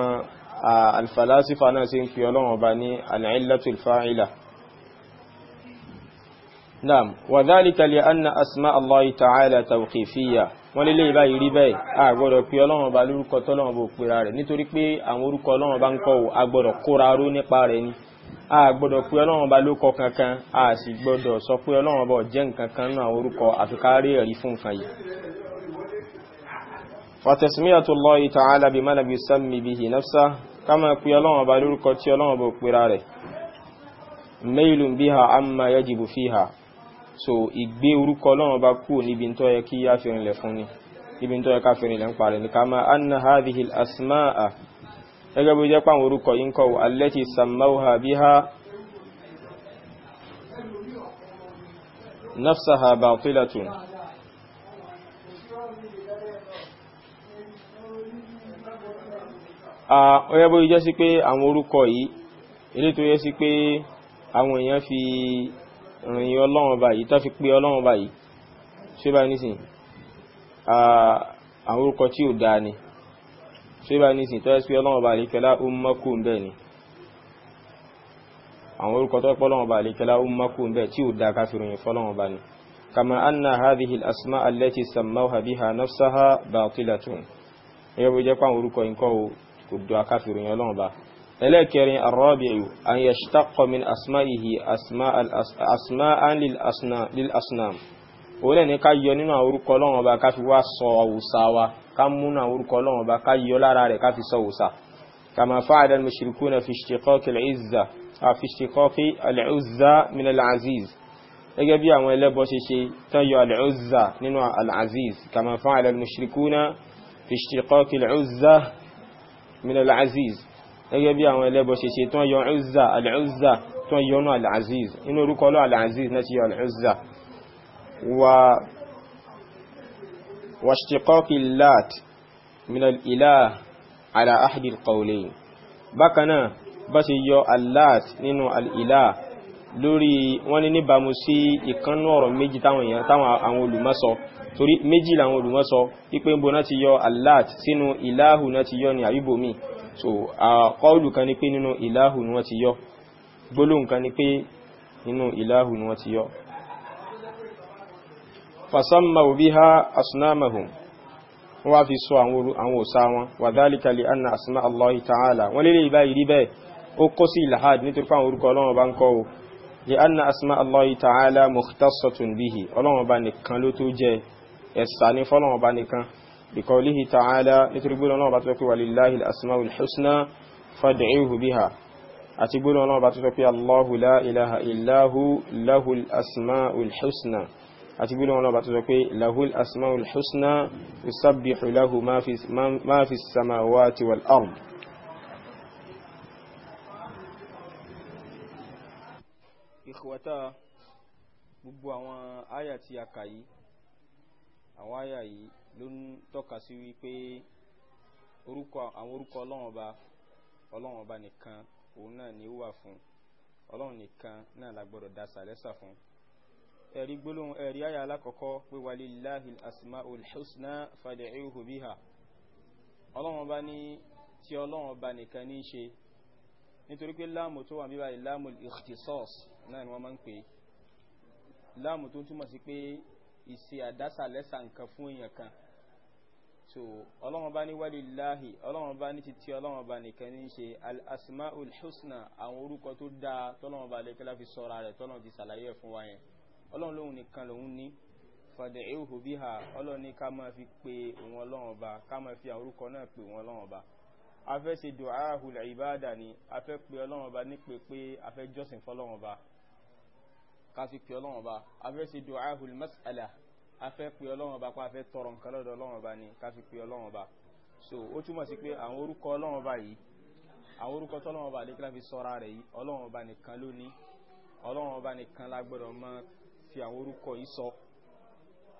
alfalasifa náà sí ń pe ọlọ́wọ́n ba ní al'illatalfa'ila نعم وذلك لأن أسماء الله تعالى توقيفية wọ́n lé léyìí báyìí rí bẹ́ẹ̀ a gbọ́dọ̀ pé ọlọ́run ọba lórúkọ tọ́lọ́run bò pera rẹ̀ nítorí pé àwọn orúkọ ọlọ́run ọba ń kọ́ o a gbọ́dọ̀ kóra ró nípa rẹ̀ ni a gbọ́dọ̀ pé ọlọ́run ọba ló kankan a sì gbọ́dọ̀ sọ pé ọlọ́run ọba jẹ́ nǹkan kan náà orúkọ àfikárí ẹ̀rí fún nǹkan yìí. وتسمية الله تعالى بما لم يسمي به نفسه كما pé ọlọ́run ọba lórúkọ tí ọlọ́run bò pera rẹ̀ فيها so ìgbé orúkọ ọlọ́run bá kúrò níbi tó yẹ kí a fi rinlẹ̀ fún ni níbi tó yẹ ká fi rinlẹ̀ ń parẹ́ ní kama anna hadhihi al-asma'a gẹ́gẹ́ bí jẹ́ pàwọn orúkọ yìí ń kọ́ allati sammawha biha nafsaha batilatun ọ̀yẹ́ bó jẹ́ sí pé àwọn orúkọ yìí ilé tó yẹ sí pé àwọn èèyàn fi ìròyìn ọlọ́run ọba yìí tó fi pé ọlọ́run ọba yìí ṣé báyìí nísìn àwọn orúkọ tí ò dáa ni ṣé báyìí nísìn tó yẹ pé ọlọ́run ọba àlékẹ́lá ó mọ́kù ń bẹ̀ ni àwọn orúkọ tó pé ọlọ́run ọba àlékẹ́lá ó mọ́kù ń bẹ̀ tí ò dáa ká fi ròyìn fọlọ́run ọba ni anna hadhihi al-asma allati sammawha biha nafsaha batilatun ẹ̀yọ́ bó jẹ́ pé àwọn orúkọ nǹkan ò kò dọ́ akáfìròyìn ọlọ́run ọba ẹlẹ́kẹrin arọ́bìnrin an yẹ ṣtakọmin asma'ihi asma'an lil'asnam orílẹ̀ ní ká yọ nínú àwọn orúkọ Ọlọ́run Ọba ká fi wá sọ òsà wa ká múnà orúkọ Ọlọ́run Ọba ká yọ lára rẹ̀ ká fi sọ òsà kama fa'ada al-mushrikuna fi ishtiqaqi al-izza fi ishtiqaqi al-uzza min al-aziz gẹ́gẹ́ bí àwọn ẹlẹ́bọ ṣe ṣe tán yọ al-uzza nínú al-aziz kama fa'ada al-mushrikuna fi ishtiqaqi al-uzza min al-aziz gẹ́gẹ́ bí àwọn ẹlẹ́bọ ṣe ṣe tán yọ Uzza al-Uzza tán yọnú al-Aziz inú orúkọ ọlọ́ al-Aziz náà ti yọ al-Uzza wa ishtiqaqi al-Lat min al-ilah ala ahdi al-qawlayn bákanáà bá ṣe yọ al-Lat nínú al-ilah lórí wọ́n ní níbàmú sí ìkannú ọ̀rọ̀ méjì táwọn àwọn olùmọ́sọ torí méjì làwọn olùmọ́sọ wípé ń bo náà ti yọ al sínú ìláhù náà ti yọ ní àríbòmí so àkọọ́lù kan ni pé nínú ìláhù ni wọ́n ti yọ gbólóhùn kan ni pé nínú ìláhù ni wọ́n ti yọ fasammahu biha asnamahum wọ́n wá fi sọ àwọn òsá wọn wa dhalika li anna asma allahi ta'ala wọ́n lè bá bẹ́ẹ̀ ó kó sí ìlàhàd nítorí fáwọn بقوله تعالى يتربون الله باتوكي ولله الأسماء الحسنى فادعوه بها أتبون الله باتوكي الله لا إله إلا هو له الأسماء الحسنى أتبون الله باتوكي له الأسماء الحسنى يسبح له ما في, ما في السماوات والأرض إخوتا gbogbo àwọn àyà tí a kà yìí àwọn àyà yìí ló ń tọ́ka sí wípé orúkọ àwọn orúkọ ọlọ́run ọba ọlọ́run ọba nìkan òun náà ni ó wà fún ọlọ́run nìkan náà la gbọ́dọ̀ dá sàlẹ́sà fún ẹ̀rí gbólóhùn ẹ̀rí ayà alákọ̀ọ́kọ́ pé walillahil asmaul husna fad'uhu biha ọlọ́run ọba ní tí ọlọ́run ọba nìkan ní í ṣe nítorí pé láàmù tó wà ní báyìí láàmù ikhtisas náà ni wọ́n máa ń pè láàmù tó túmọ̀ sí pé ìṣe àdásà nǹkan fún èèyàn kan so ọlọ́wọ́n bá ní walillahi ọlọ́wọ́n bá ní títí ọlọ́wọ́n bá nìkan ní ṣe al-asma'ul husna àwọn orúkọ tó dáa tọ́lọ́wọ́n bá lẹ́kẹ́lá fi sọ́ra rẹ̀ tọ́lọ́wọ́n ti sàlàyé fún wa yẹn ọlọ́wọ́n lóhun nìkan lòun ní fad'uhu biha ọlọ́wọ́n ní ká máa fi pe òun ọlọ́wọ́n bá ká máa fi àwọn orúkọ náà pe òun ọlọ́wọ́n pé afẹ́ pé ọlọ́run ọba pa afẹ́ tọrọ nǹkan lọ́dọ̀ ọlọ́run ọba ni ká fi pé ọlọ́run ọba so ó túmọ̀ sí pé àwọn orúkọ ọlọ́run ọba yìí àwọn orúkọ tọ́lọ́run ọba lékílá fi sọ́ra rẹ̀ yìí ọlọ́run ọba nìkan ló ní ọlọ́run ọba nìkan lágbọ́dọ̀ mọ́ fi àwọn orúkọ yìí sọ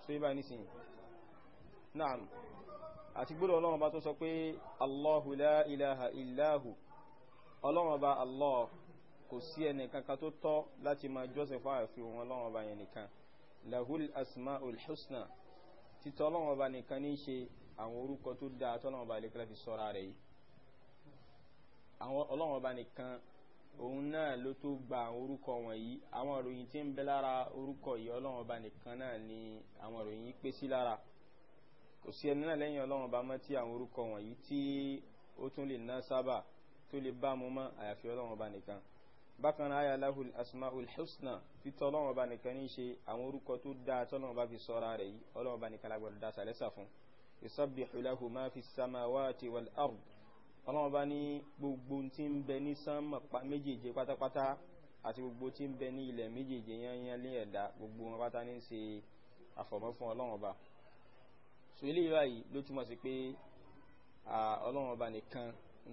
so yíba nísìnyí náà àti gbọ́dọ̀ ọlọ́run ọba tó sọ pé Allahu la ilaha illahu ọlọ́run ọba Allah kò sí ẹnìkan kan tó tọ́ láti máa jọ́sìn fáwọn àfi òun ọlọ́run ọba yẹn nìkan lahul asma'ul husna títọ́ ọlọ́run ọba nìkan ní ṣe àwọn orúkọ tó dáa tọ́lọ́run ọba lè kẹ́lẹ́ fi sọ́ra rẹ̀ yìí àwọn ọlọ́run ọba nìkan òun náà ló tó gba àwọn orúkọ wọ̀nyí àwọn ìròyìn tí ń bẹ lára orúkọ yìí ọlọ́run ọba nìkan náà ni àwọn ìròyìn yìí pé sí lára kò sí ẹni náà lẹ́yìn ọlọ́run ọba mọ́ tí àwọn orúkọ wọ̀nyí tí ó tún lè ná sábà tó lè bá mu mọ́ àyàfi ọlọ́run ọba nìkan bákan náà ayàláhù asmaul husna fi tọ́lọ́wọ́ bá nìkan ní ṣe àwọn orúkọ tó dáa tọ́lọ́wọ́ bá fi sọ́ra rẹ̀ yìí ọlọ́wọ́ bá nìkan lágbàdo dá sàlẹ́sà fún ìsọ́bìhù láhù máa fi samawati wal ard ọlọ́wọ́ bá ní gbogbo tí ń bẹ ní sánmà méjèèje pátápátá àti gbogbo tí ń bẹ ní ilẹ̀ méjèèje yányán lé ẹ̀dá gbogbo wọn pátá ní ṣe àfọ̀mọ́ fún ọlọ́wọ́ bá so ilé ló túmọ̀ sí pé ọlọ́wọ́ bá nìkan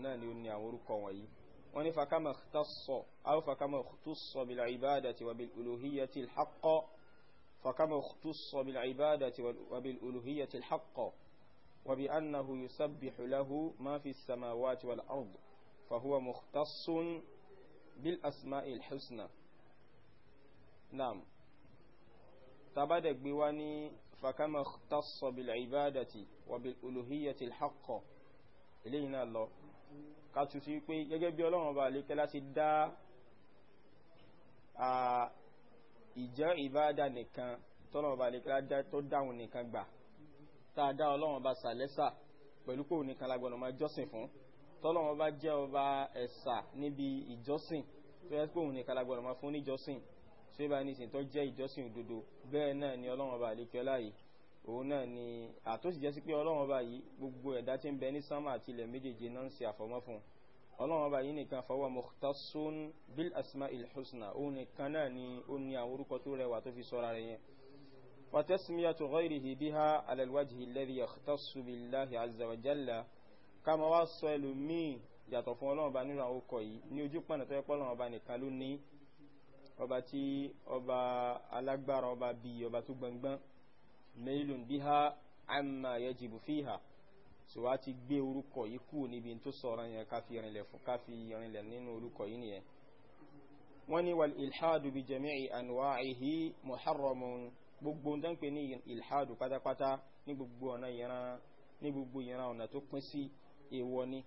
náà ni ó ní àwọn orúkọ wọ̀nyí wọ́n ní fakama tasọ aw fakama tusọ bil ibadati wa bil uluhiyati alhaqqa fakama tusọ bil ibadati wa bil uluhiyati alhaqqa wa bi annahu yusabbihu lahu ma fi samawati wal ard fa huwa mukhtassun bil asma'i alhusna naam tabada gbe wa ni fakama tasọ bil ibadati wa bil uluhiyati alhaqqa ilayna lọ ká tún sí pé gẹ́gẹ́ bí ọlọ́run ọba àlékẹ́ láti dá ìjẹ́ ìbáadà nìkan tọ́lọ́run ọba àlékẹ́ tó dáhùn nìkan gbà tá a dá ọlọ́run ọba sàlẹ́sà pẹ̀lú pé òun nìkan la gbọ́dọ̀ máa jọ́sìn fún tọ́lọ́run ọba jẹ́ ọba ẹ̀sà níbi ìjọ́sìn tó yẹ pé òun nìkan la gbọ́dọ̀ máa fún níjọ́sìn tó yẹ bá ni ọlọ́run ọba àlékẹ́ òun náà ni àtòsí jẹ́ sí pé ọlọ́run ọba yìí gbogbo ẹ̀dá tí ń bẹ ní sánmà àti ilẹ̀ méjèèjì náà ń ṣe àfọ̀mọ́ fún ọlọ́run ọba yìí nìkan fọwọ́ mukhtasun bil asma il husna òun nìkan náà ni ó ní àwọn orúkọ tó rẹwà tó fi sọ́ra rẹ̀ yẹn fatasmiyatu ghayrihi biha ala alwajhi alladhi yakhtassu billahi azza wa jalla ká máa wá sọ ẹlòmíì yàtọ̀ fún ọlọ́run ọba nínú àwọn orúkọ yìí ní ojú pọ̀nà tó pọ́lọ́run ọba nìkan ló ní ọba tí ọba alágbára ọba bíi ọba tó gbọngbọ́n mailun biha amma yajibu fiha so wá ti gbé orúkọ yìí kúrò níbi tó sọ̀rọ̀ yẹn káfi yẹrinlẹ̀ nínú orúkọ yìí nìyẹn wọ́n ní wal ilhadu bi jami'i anwa'ihi muharramun gbogbo ń dánpẹ́ ní ilhadu pátápátá ní gbogbo ọ̀nà ìran ní gbogbo ìran ọ̀nà tó pín sí èèwọ̀ ni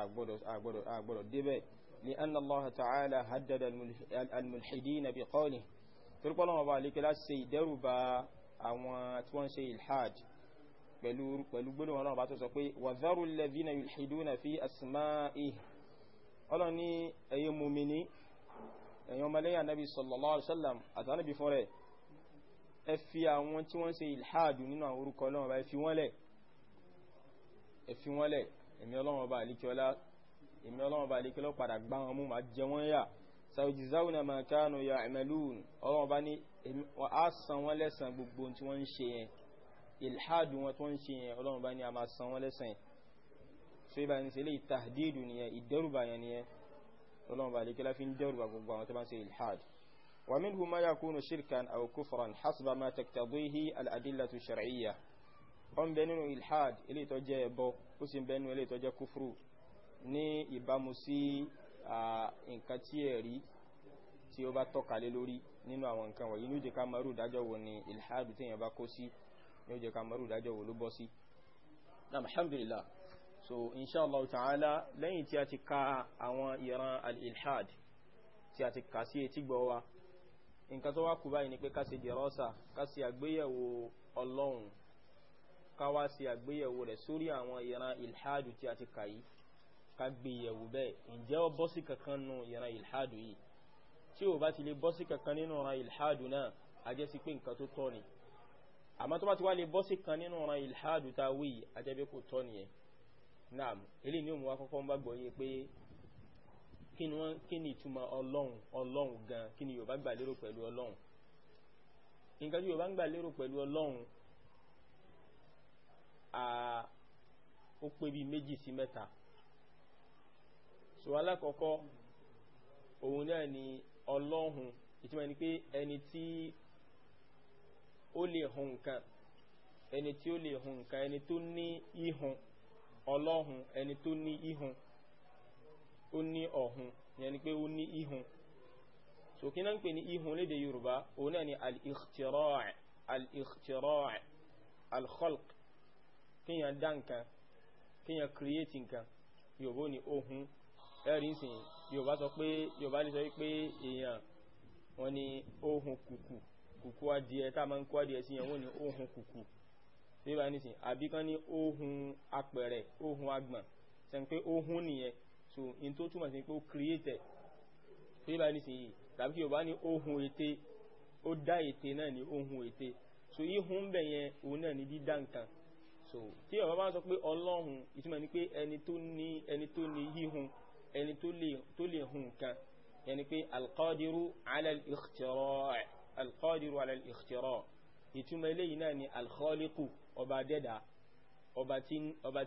àgbọ̀dọ̀ débẹ̀ li anna allah ta'ala haddada al-mulhidina bi qawlihi torípọ́lọ́wọ́ bá lékelá ṣe àwọn tí wọ́n ṣe ilhad pẹ̀lú gbóló ọlọ́run bá tó sọ pé wàzárù lẹ́dínà yulhiduna fi asma'i ọlọ́run ní ẹ̀yẹ mùmìnì ẹ̀yàn ọmọlẹ́yìn anábi sallallahu alaihi wasallam àtànàbí fún rẹ̀ ẹ fi àwọn tí wọ́n ṣe ilhad nínú àwọn orúkọ ọlọ́run bá ẹ fi wọ́n lẹ̀ ẹ fi sàwùjìzáwùnà máa kánú ya ìmẹ̀lúùn ọlọ́wọ́n bá ní a san wọ́n lẹ́sàn gbogbo tí wọ́n ń ṣe yẹn ìlhádùn wọn tó ń ṣe yẹn ọlọ́wọ́n bá ní a máa san wọ́n lẹ́sàn yẹn so ibà ní sílé ìtàdídù nìyẹn ìdẹ́rùbà yẹn nìyẹn ọlọ́wọ́n bá lè kílá fi ń dẹ́rùbà gbogbo àwọn tó bá ń ṣe ìlhád wa minhu ma yakunu shirkan aw kufran hasba ma taqtadihi al-adillatu shar'iyya on bẹ nínú ilhad ilé tó jẹ́ ẹbọ ó sì bẹ nínú ilé tó jẹ́ kufru ní ìbámu sí nǹkan tí ẹ̀rí tí ó bá tọ́ka lórí nínú àwọn nǹkan wọ̀nyí ní ó jẹ́ ká marú ìdájọ́ wo ni ilhadu tí èèyàn bá kó sí ní ó jẹ́ ká marú ìdájọ́ wo ló bọ́ sí so inshallah ta'ala lẹ́yìn tí a ti ka àwọn ìran al-ilhad tí a ti kà sí etí gbọ́ wa nǹkan tó wá kù báyìí ni pé ká ṣe dìrọ́sà àgbéyẹ̀wò rẹ̀ sórí àwọn ìran ilhadu tí a ti kà yìí ká gbé yẹ̀wò bẹ́ẹ̀ ǹjẹ́ ó bọ́ sí kankan nù ìran ìlhádù yìí tí ò bá ti lè bọ́ sí kankan nínú ìran ìlhádù náà a jẹ́ sí pé nǹkan tó tọ́ ni àmọ́ tó bá ti wá lè bọ́ sí kan nínú ìran ìlhádù tá wí a jẹ́ pé kò tọ́ nìyẹn naam ilé ní òmùwá kọ́kọ́ ń bá gbọ́ yé pé kí ni wọ́n kí ni ìtumọ̀ ọlọ́run ọlọ́run gan kí ni yorùbá gbà lérò pẹ̀lú ọlọ́run nǹkan tí yorùbá ń gbà lérò pẹ̀lú ọlọ́run ó pé bíi méjì sí mẹ́ta so alákọ̀ọ́kọ́ òun náà ni ọlọ́hun ìtumọ̀ ni pé ẹni tí ó lè hun nǹkan ẹni tí ó lè hun nǹkan ẹni tó ní ihun ọlọ́hun ẹni tó ní ihun ó ní ọ̀hun yẹn ni pé ó ní ihun so kí náà ń pè ní ihun léde yorùbá òun náà ni al-ikhtira' al-ikhtira' al-khalq kíyàn dá nǹkan kíyàn create nǹkan yorùbá ni ohun ẹ̀rí ń sìn yorùbá sọ pé yorùbá lè sọ pé èèyàn wọn ni ohun kùkù kùkù adìẹ tá a máa ń kó adìẹ sí yẹn wọn ni ohun kùkù síbá ní sìn àbí kan ní ohun apẹ̀rẹ̀ ohun agbọ̀n sẹ́ni pé ohun nìyẹn so in tó túmọ̀ sí pé ó create síbá ní sìn yìí tàbí kí yorùbá ní ohun ète ó dá ète náà ní ohun ète so ihun ń bẹ̀ yẹn òun náà ní dídá nǹkan so tí yorùbá bá sọ pé ọlọ́hun ìtumọ̀ ní pé ẹni tó ní ẹni tó ní híhun ẹni tó lè hun kan yẹni pé alqadiru ala al-ikhtira' alqadiru ala al-ikhtira' ìtumọ̀ eléyìí náà ni alkhaliqu ọba dẹ́dà ọba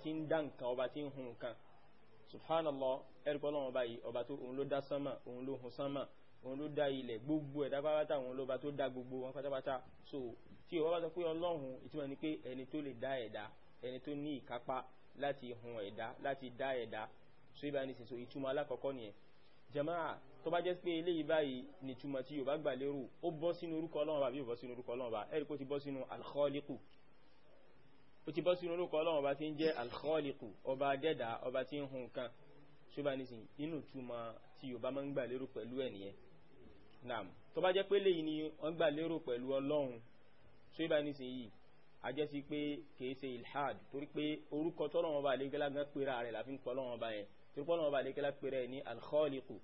tí ń dá nǹkan ọba tí ń hun nǹkan subhanallah ẹ̀rùpọ̀lọ́ ọba yìí ọba tó òun ló dá sánmà òun ló hun sánmà òun ló dá ilẹ̀ gbogbo ẹ̀dá pátápátá òun ló bá tó dá gbogbo wọn pátápátá so tí o bá sọ pé ọlọ́run ìtumọ̀ ni pé ẹni tó lè dá ẹ̀dá ẹni tó ní ìkápá láti hun ẹ̀dá láti dá ẹ̀dá so ibà ní sèso ìtumọ̀ alákọ̀ọ́kọ́ nìyẹn jama'a tó bá jẹ́ pé eléyìí báyìí ní ìtumọ̀ tí yóò bá gbà lérò ó bọ́ sínú orúkọ ọlọ́run bá bí ó bọ́ sínú orúkọ ọlọ́run bá ẹ̀rí kó ti bọ́ sínú alkhọ́líkù ó ti bọ́ ọba dẹ́dà ọba tí ń hun kan so bá nísìn inú ìtumọ̀ tí yóò bá máa ń gbà lérò pẹ̀lú ẹ̀nìyẹn ni wọ́n gbà lérò pẹ̀lú ọlọ́run so bá nísìn yìí a jẹ́ sí pé kìí ilhad torí pé orúkọ tọ́lọ́run bá lé gẹ́lágán pera rẹ̀ láfi ń yẹn torípọ́ náà ọba àdékẹ́lá pèrè ní alkhọ́ọ̀lìkù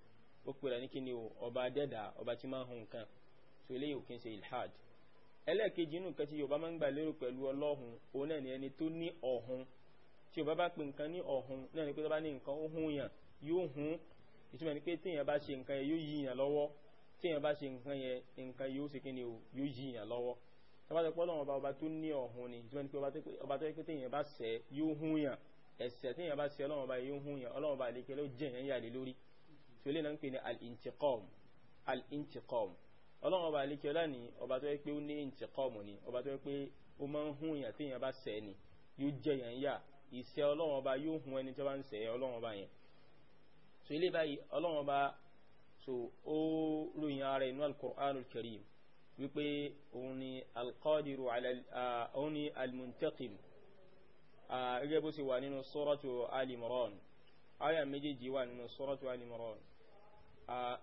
ó pèrè ní kíni o ọba dẹ́dà ọba tí máa ń hun nǹkan tó eléyìí òkè ń ṣe ilhad ẹlẹ́ẹ̀kejì inú nǹkan tí yorùbá máa ń gbà lérò pẹ̀lú ọlọ́hun òun náà ni ẹni tó ní ọ̀hun tí yorùbá bá pè nǹkan ni pé tó bá ní nǹkan ó hun yàn yóò hun ìtumọ̀ ni pé téèyàn bá ṣe nǹkan yẹn yóò yí yàn lọ́wọ́ téèyàn bá ṣe nǹkan yẹn nǹkan yóò o yóò ni ìtumọ̀ ni pé ọba tó yẹ pé téèyàn ẹ̀ṣẹ̀ tí yẹn bá ṣe ọlọ́wọ́ bá yóò hún yẹn ọlọ́wọ́ bá lékẹ́ ló jẹ́ yẹn yàlé lórí tí ó lè náà ń pè ní al-intiqam al-intiqam ọlọ́wọ́ bá lékẹ́ lá ní ọba tó yẹ pé ó ní intiqam ni ọba tó yẹ pé ó máa ń hún yẹn tí yẹn bá ṣẹ̀ ni yóò jẹ́ yẹn yà ìṣẹ́ ọlọ́wọ́ bá yóò hún ẹni tó bá ń ṣẹ̀ ọlọ́wọ́ bá yẹn so ilé báyìí ọlọ́wọ́ bá so ó ròyìn ara inú al-Qur'anul al-Qadiru ala òun ni al-Muntaqim gẹ́gẹ́ bó ṣe wà nínú suratu Al-Imran aya méjèèjì wà nínú suratu Al-Imran [CLEARS THROAT]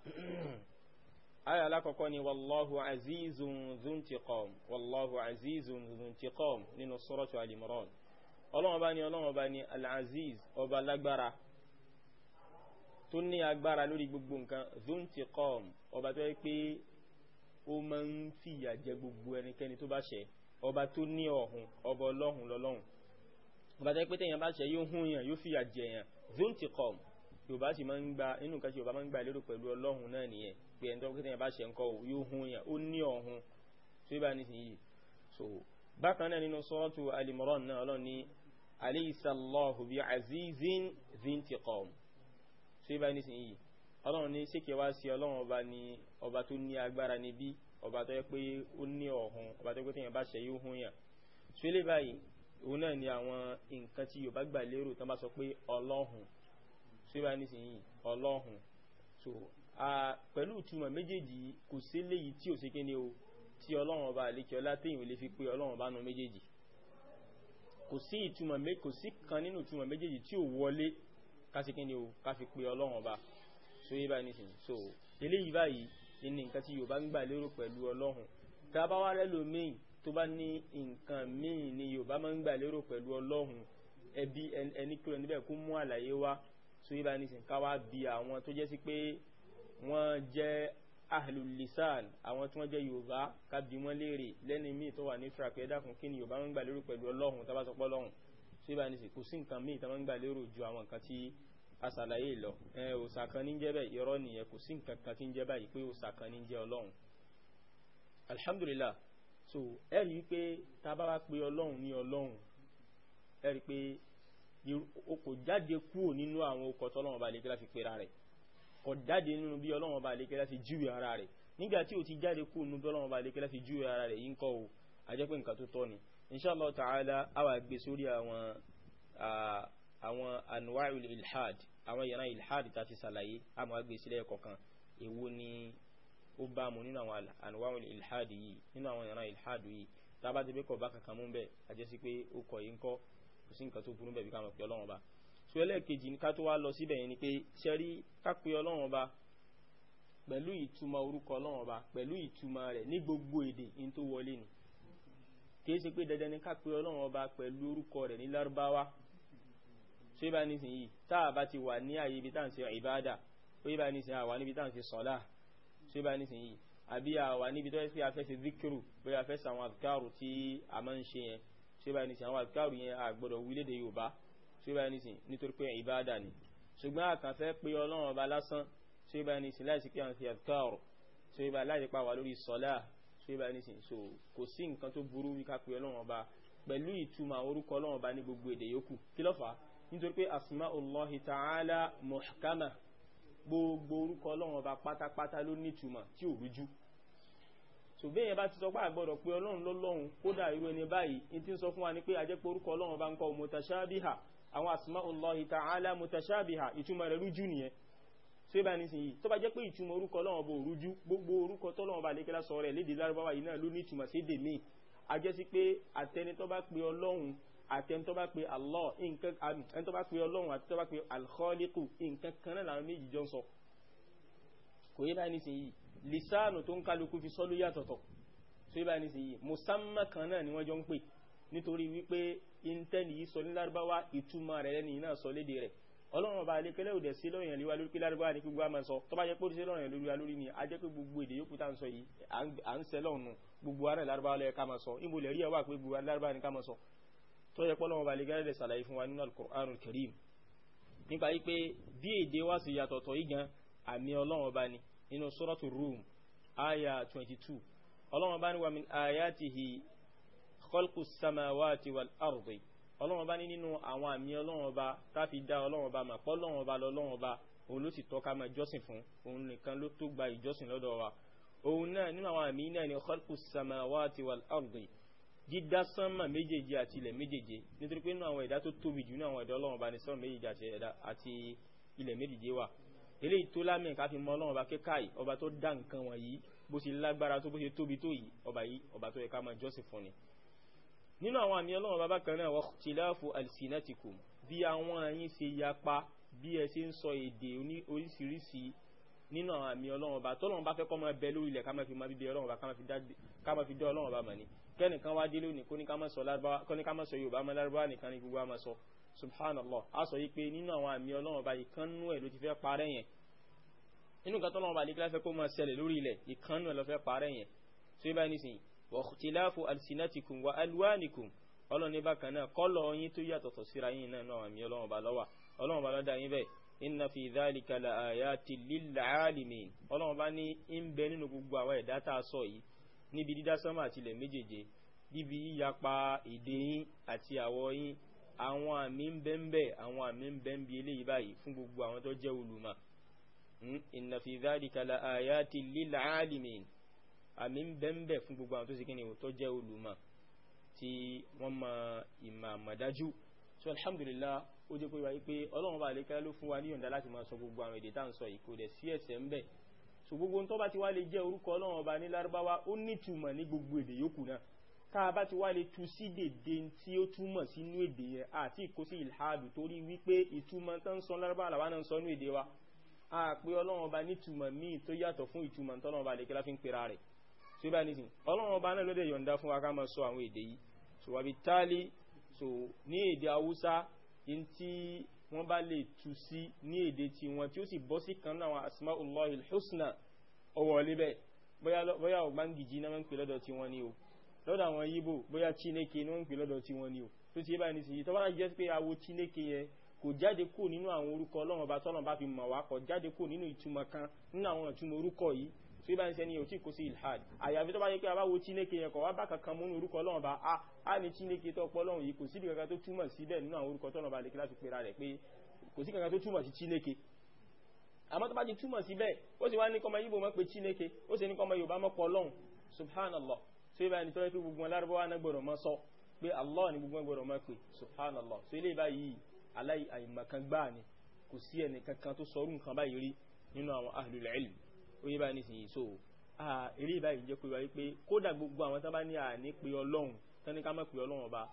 aya alákọ̀ọ́kọ́ ni wallahu azizun zuntiqam wallahu azizun zuntiqam nínú suratu Al-Imran ọlọ́wọ́n bá ní ọlọ́wọ́n bá ní al-aziz ọba lágbára tó ní agbára lórí gbogbo nǹkan zuntiqam ọba tó yẹ pé ó máa ń fìyà jẹ gbogbo ẹnikẹ́ni tó bá ṣẹ̀ ọba tó ní ọ̀hún ọba ọlọ́hun lọ́lọ́hun bàtà pé téèyàn bá ṣe yóò hún yàn yóò fìyà jẹyàn zunti com yorùbá sì máa ń gba inú nǹkan tí yorùbá máa ń gba lérò pẹ̀lú ọlọ́run náà nìyẹn pé ẹni tó pé téèyàn bá ṣe nǹkan yóò hún yàn ó ní ọ̀hún tó bá ní sìn yìí so bákan náà nínú sọ́ọ̀tù alimọ́rán náà ọlọ́run ní aleyhisallahu bi azizin zunti com tó bá ní sìn yìí ọlọ́run ní sékè wá sí ọlọ́run ọba tó ní agbára níbí ọba tó yẹ pé ó ní ọ̀hún ọba tó yẹ pé bá ṣe yóò hún yàn so eléyìí báyìí òun náà ni àwọn nǹkan tí Yorùbá gbà lérò tán bá sọ pé ọlọ́hun síra nísìnyí ọlọ́hun so pẹ̀lú ìtumọ̀ méjèèjì kò sí léyìí tí ò sí kí ni o tí ọlọ́run ọba àlékí ọlá téèyàn lè fi pé ọlọ́run ọba nu méjèèjì kò sí ìtumọ̀ mé kò sí kan nínú ìtumọ̀ méjèèjì tí ò wọlé kásí kí ni o ká fi pé ọlọ́run ọba so yé báyìí nísìnyí so eléyìí báyìí ni nǹkan tí Yorùbá ń gbà lérò pẹ̀lú ọlọ́run tá a bá wá rẹ́ lómiì tó bá ní nǹkan míì ni yorùbá máa ń gbà lérò pẹ̀lú ọlọ́run ẹbí ẹni kúrò níbẹ̀ kó mú àlàyé wá tó yíba ní sìnká wá bí àwọn tó jẹ́ sí pé wọ́n jẹ́ ahlulisan àwọn tí wọ́n jẹ́ yorùbá ká bí wọ́n léèrè lẹ́ni míì tó wà ní fúrapẹ́ dákun kí ni yorùbá máa ń gbà lérò pẹ̀lú ọlọ́run tó bá sọ pọ́lọ́run tó yíba ní sìnkú sí nǹkan míì tó máa ń gbà lérò ju àwọn nǹkan tí asàlàyé lọ ẹ kan ní jẹ́ bẹ́ẹ̀ irọ́ nìyẹn kò sí nǹkan kan tí ń jẹ́ báyìí pé òsà kan ní jẹ́ ọlọ́run alhamdulillah so ẹ rí i pé tá a bá wá pe ọlọ́run ní ọlọ́run ẹ rí i pé o kò jáde kúrò nínú àwọn okọ̀ tọ́lọ́run ọba àlekẹ́lá fi pera rẹ̀ kò jáde nínú bí ọlọ́run ọba àlekẹ́lá fi júwe ara rẹ̀ nígbà tí o ti jáde kúrò nínú bí ọlọ́run ọba àlekẹ́lá fi júwe ara rẹ̀ yìí kọ́ o àjẹpẹ́ nǹkan tó tọ́ ni inṣàlá ta'ala awa gbé sórí àwọn àwọn anwa'ul ilhad àwọn yàrá ilhad tá a ti ṣàlàyé àmọ́ àgbèsílẹ̀ kọ̀ọ̀kan èwo ni ó bá mu nínú àwọn àníwáwọn ìlhádì yìí nínú àwọn ìran ìlhádì yìí tábà ti pé kọ̀ bá kankan mú bẹ́ẹ̀ àjẹsí pé ó kọ̀ yìí ń kọ́ kò sí nǹkan tó burú bẹ́ẹ̀ bí ká mọ̀ pé ọlọ́run ọba so ẹlẹ́ẹ̀kejì ní ká tó wá lọ síbẹ̀ yẹn ni pé ṣe rí ká ọlọ́run ọba pẹ̀lú ìtumọ̀ orúkọ ọlọ́run ọba pẹ̀lú ìtumọ̀ rẹ̀ ní gbogbo èdè in tó wọlé ni kìí ṣe pé dandan ni ká ọlọ́run ọba pẹ̀lú orúkọ rẹ̀ ní lárúbáwá so yíba nísìnyí tá a bá ti wà ní àyè ibi tá à ń ṣe ìbáàdà ó yíba nísìnyí àwa níbi tá ń ṣe sọ́lá ṣé bá nísìn yìí àbí àwa níbi tó yẹ pé a fẹ́ ṣe zikiru bóyá a fẹ́ ṣe àwọn àdìkárù tí a máa ń ṣe yẹn ṣé bá nísìn àwọn àdìkárù yẹn a gbọ́dọ̀ wí lédè Yorùbá ṣé bá nísìn nítorí pé ìbáàdà ni ṣùgbọ́n a kàn fẹ́ pé Ọlọ́run ọba lásán ṣé bá nísìn láìsí pé à ń ṣe àdìkárù ṣé bá láì pa wà lórí sọlá ṣé bá nísìn so kò sí nǹkan tó burú wí ká pé Ọlọ́run ọba pẹ̀lú ìtumọ̀ orúkọ Ọlọ́run ọba ní gbogbo èdè yòókù kí ló fà á nítorí pé asma'ullahi ta'ala muhkama gbogbo orúkọ ọlọ́run ọba pátápátá ló nítumọ̀ tí ò rújú ṣùgbọ́n èèyàn bá ti sọ pé àgbọ̀dọ̀ pé ọlọ́run lọ́lọ́run kódà irú ẹni báyìí ní tí ń sọ fún wa ni pé àjẹpọ̀ orúkọ ọlọ́run ọba ń kọ́ mutashabiha àwọn asma'ullahi ta'ala mutashabiha ìtumọ̀ rẹ̀ rújú nìyẹn tó bá ní sìn yìí tó bá jẹ́ pé ìtumọ̀ orúkọ ọlọ́run ọba òrújú gbogbo orúkọ tọ́lọ́run ọba lékelá sọ rẹ̀ lédè lárúbáwá yìí náà ló ní ìtumọ̀ sí dèmí a jẹ́ sí pé àtẹni tó bá pe ọlọ́run àti ẹni tó bá pe Allah nǹkan ẹni tó bá pe ọlọ́run àti tó bá pe alkhọ́líkù nǹkan kan náà làwọn méjì jọ ń sọ kò yé báyìí nísìnyí lisanu tó ń kálukú fi sọ́lú yàtọ̀tọ̀ tó yé báyìí nísìnyí musamman kan náà ni wọ́n jọ ń pè nítorí wípé intanet yìí sọ ní lárúbáwá ìtumọ̀ rẹ̀ lẹ́nu yìí náà sọ léde rẹ̀ ọlọ́run ọba àlékẹ́lẹ́ òdẹ̀ sí lọ́yìn ẹ̀lú wa lórí lárúbáwá ní gbogbo àmọ́ sọ tó bá jẹ́ pé òṣìṣẹ́ lọ́rùn ẹ̀lú wa lórí ni a jẹ́ pé gbogbo èdè yòókù tá à ń sọ yìí à ń sẹ́ lọ́rùn gbogbo ara lárúbáwá lọ́yẹ ká máa sọ ìmọ̀lẹ̀ rí ẹwà pé gbogbo lárúbáwá ni ká máa sọ tó yẹ pọ́lọ́wọ́ bá lè gẹ́rẹ́ lè sàlàyé fún wa nínú al-Qur'anul Karim nípa wípé bí èdè wá sí yàtọ̀tọ̀ igan àmì ọlọ́wọ́ bá ní nínú suratu Rum aya 22 ọlọ́wọ́ bá ní wa min ayatihi khalqu samawati wal ardi ọlọ́wọ́ bá ní nínú àwọn àmì ọlọ́wọ́ táfi dá ọlọ́wọ́ mà pọ́ lọ́wọ́ bá lọ́wọ́ máa jọ́sìn fún òun nìkan ló tó gba ìjọ́sìn lọ́dọ̀ wa òun náà nínú àwọn àmì náà ni khalqu samawati wal ardi dídá sánmà méjèèje àti ilẹ̀ méjèèje nítorí pé nínú àwọn ẹ̀dá tó tóbi jù ní àwọn ẹ̀dá ọlọ́run bá ní sánmà méjèèje àti ilẹ̀ méjèèje wà eléyìí tó lámì ká fi mọ ọlọ́run ọba kékàì ọba tó dá nǹkan wọ̀nyí bó ṣe lágbára tó bó ṣe tóbi tó yìí ọba yìí ọba tó yẹ ká máa jọ́sìn fún ni nínú àwọn àmì ọlọ́run ọba bákan náà wakhtilafu alsinatikum bí àwọn yín ṣe yapa bí ẹ ṣe ń sọ èdè oríṣiríṣi nínú àwọn àmì ọlọ́run ọba tọ́lọ́run bá fẹ́ kọ́ máa bẹ lórí ilẹ̀ ká máa fi máa bí ọlọ́run ọba ká máa fi dá ọlọ́run ọba mọ̀ ni kẹ́nìkan wá dé lónìí kó ní ká má sọ yorùbá má lárúbáwá nìkan ní gbogbo àmà sọ subhanallah a sọ yìí pé nínú àwọn àmì ọlọ́run ọba ìkànnú ẹ̀ ló ti fẹ́ parẹ́ yẹn nínú nǹkan tọ́lọ́run ọba àdékẹ́lá fẹ́ kó máa ṣẹlẹ̀ lórí ilẹ̀ ìkànnú ẹ̀ ló fẹ́ parẹ́ yẹn tó yẹ báyìí nísìnyí wa ikhtilafu alsinatikum wa alwanikum ọlọ́run ní bákan náà kọ́lọ̀ yín tó yàtọ̀tọ̀ síra yín náà náà àmì ọlọ́run ọba lọ́wà ọlọ́run ọba lọ́dà yín bẹ́ẹ̀ inna fi dhalika la ayati lil ọlọ́run ọba ní ń bẹ nínú gbogbo àwọn ẹ̀dá tá a sọ yìí níbi dídá sánmà àti ilẹ̀ méjèèje níbi yíyapa èdè yín àti àwọ̀ yín àwọn àmì ń bẹ ń bẹ àwọn àmì ń bẹ ń bi eléyìí báyìí fún gbogbo àwọn tó jẹ́ olùmọ̀ hmm? inna fi dhalika la ayati lil alimin àmì ń bẹ ń bẹ fún gbogbo àwọn tó sì kíni tó jẹ́ olùmọ̀ tí wọ́n mọ ìmọ̀ àmọ̀dájú so alhamdulillah ó jẹ́ pé wáyé pé ọlọ́run bá àlékẹ́lá ló fún wa níyọ̀ǹda láti máa sọ gbogbo àwọn èdè tá ń sọ yìí kò sí ẹ̀ṣẹ̀ ń bẹ so gbogbo tó bá ti wá lè jẹ́ orúkọ ọlọ́run ọba ní lárúbáwá ó nítumọ̀ ní gbogbo èdè yòókù náà tá a bá ti wá lè tu sí dèdè tí ó túmọ̀ sínú èdè yẹn àti ìkó sí ìlhàdù torí wípé ìtumọ̀ tó ń sọ lárúbáwá làwọn náà ń sọ nú èdè wa a pé ọlọ́run ọba nítumọ̀ míì tó yàtọ̀ fún ìtumọ̀ tó ọlọ́run ọba lè kíláfi ń pera rẹ̀ tí ó bá ní sìn ọlọ́run ọba náà lóde yọ̀ǹda fún wa ká máa sọ àwọn èdè yìí so wàbí tálí so ní èdè haúsá wọ́n bá lè tú sí ní èdè tí wọ́n tí ó sì bọ́ sí kan náà asma'ullahi al-husna ọwọ́ lébẹ̀ bóyá ọ̀gbángìjì náà wọ́n pè lọ́dọ̀ tí wọ́n ní o lọ́dọ̀ àwọn yíbò bóyá chineke ni wọ́n pè lọ́dọ̀ tí wọ́n ní o tó ti yé báyìí nísìnyí tó jẹ́ pé awo chineke yẹn kò jáde kó nínú àwọn orúkọ ọlọ́run ọba tọ́lọ́run bá fi mọ̀ wá kò jáde kó nínú ìtumọ̀ kan nínú àwọn ìtumọ̀ orúkọ yìí tí bá ń ṣe ni tí kò sí ilhad àyàfi tó bá yẹ kí a bá wo chineke yẹn kọ̀ wá bá kankan mú orúkọ ọlọ́run bá a ah, a ní chineke tó pọ́ lọ́run yìí kò síbi kankan tó túmọ̀ síbẹ̀ nínú àwọn orúkọ tọ́nà bá lè kí láti pera rẹ̀ pé kò sí kankan tó túmọ̀ sí chineke àmọ́ tó bá ti túmọ̀ síbẹ̀ ó sì wá ní kọ́mọ yíbo mọ́ pé chineke ó sì ní kọ́mọ yorùbá mọ́ pọ̀ lọ́run subhanallah tó yẹ bá ẹni pé allah ni gbogbo gbọ́dọ̀ mọ́ pé subhanallah tó ilé báyìí aláì àìmọ̀kan gbáà ni kò sí ẹnì kankan tó sọrú nǹkan báyìí rí nínú àwọn oye bá ní sìn so eré ìbáyìí jẹ́ pé wáyé pé kódà gbogbo àwọn tán bá ní àní pé ọlọ́run tán ní ká mọ̀ pé ọlọ́run ọba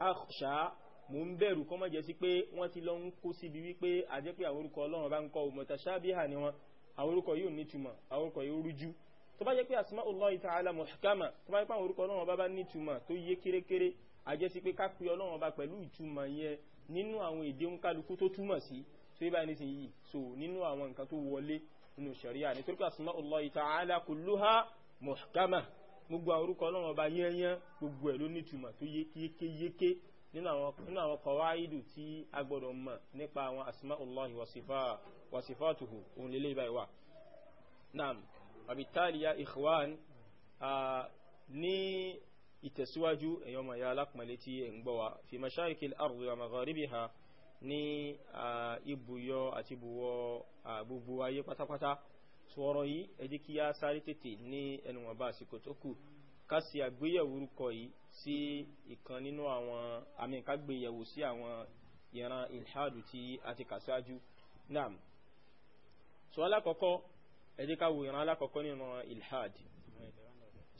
àṣà mò ń bẹ̀rù kọ́ mọ̀ jẹ́ sí pé wọ́n ti lọ ń kó síbi wípé àjẹ́ pé àwọn orúkọ ọlọ́run ọba ń kọ́ mutashabiha ni wọn àwọn orúkọ yóò nítumọ̀ àwọn orúkọ yóò rújú tó bá jẹ́ pé asma'ullahi ta'ala muhkama tó bá jẹ́ pé àwọn orúkọ ọlọ́run ọba bá nítumọ̀ tó yé kérékéré àjẹ́ sí pé ká pe ọlọ́run ọba pẹ̀lú ìtumọ̀ yẹn nínú àwọn èdè òǹkálukú tó túmọ̀ sí tó yẹ báyìí nísìnyí so nínú àwọn nǹkan tó wọlé nínú ṣẹ̀ríà nítorí pé asmaullahi ta'ala kulluha muhkama gbogbo àwọn orúkọ ọlọ́run ọba yẹ́yẹ́ gbogbo ẹ̀ ló nítumọ̀ tó yékéyéké nínú àwọn kọ̀wáìdù tí a gbọ́dọ̀ mọ̀ nípa àwọn asmaullahi wa sifatuhu òun lélẹ́ ìbáyìí wà naam ní ibùyọ àti ibùwọ̀ gbogbo ayé pátápátá sọ̀rọ̀ yìí ẹ jẹ́ kí a sáré tètè ní ẹnùwọ̀nba àsìkò tó kù ká sì àgbéyẹ̀wò orúkọ yìí sí ìkan nínú àwọn àmì ìkágbéyẹ̀wò sí àwọn ìran ìlhádù tí a ti kà sáájú náà so alákọ̀ọ́kọ́ ẹ jẹ́ ká wo ìran alákọ̀ọ́kọ́ nínú ìlhádù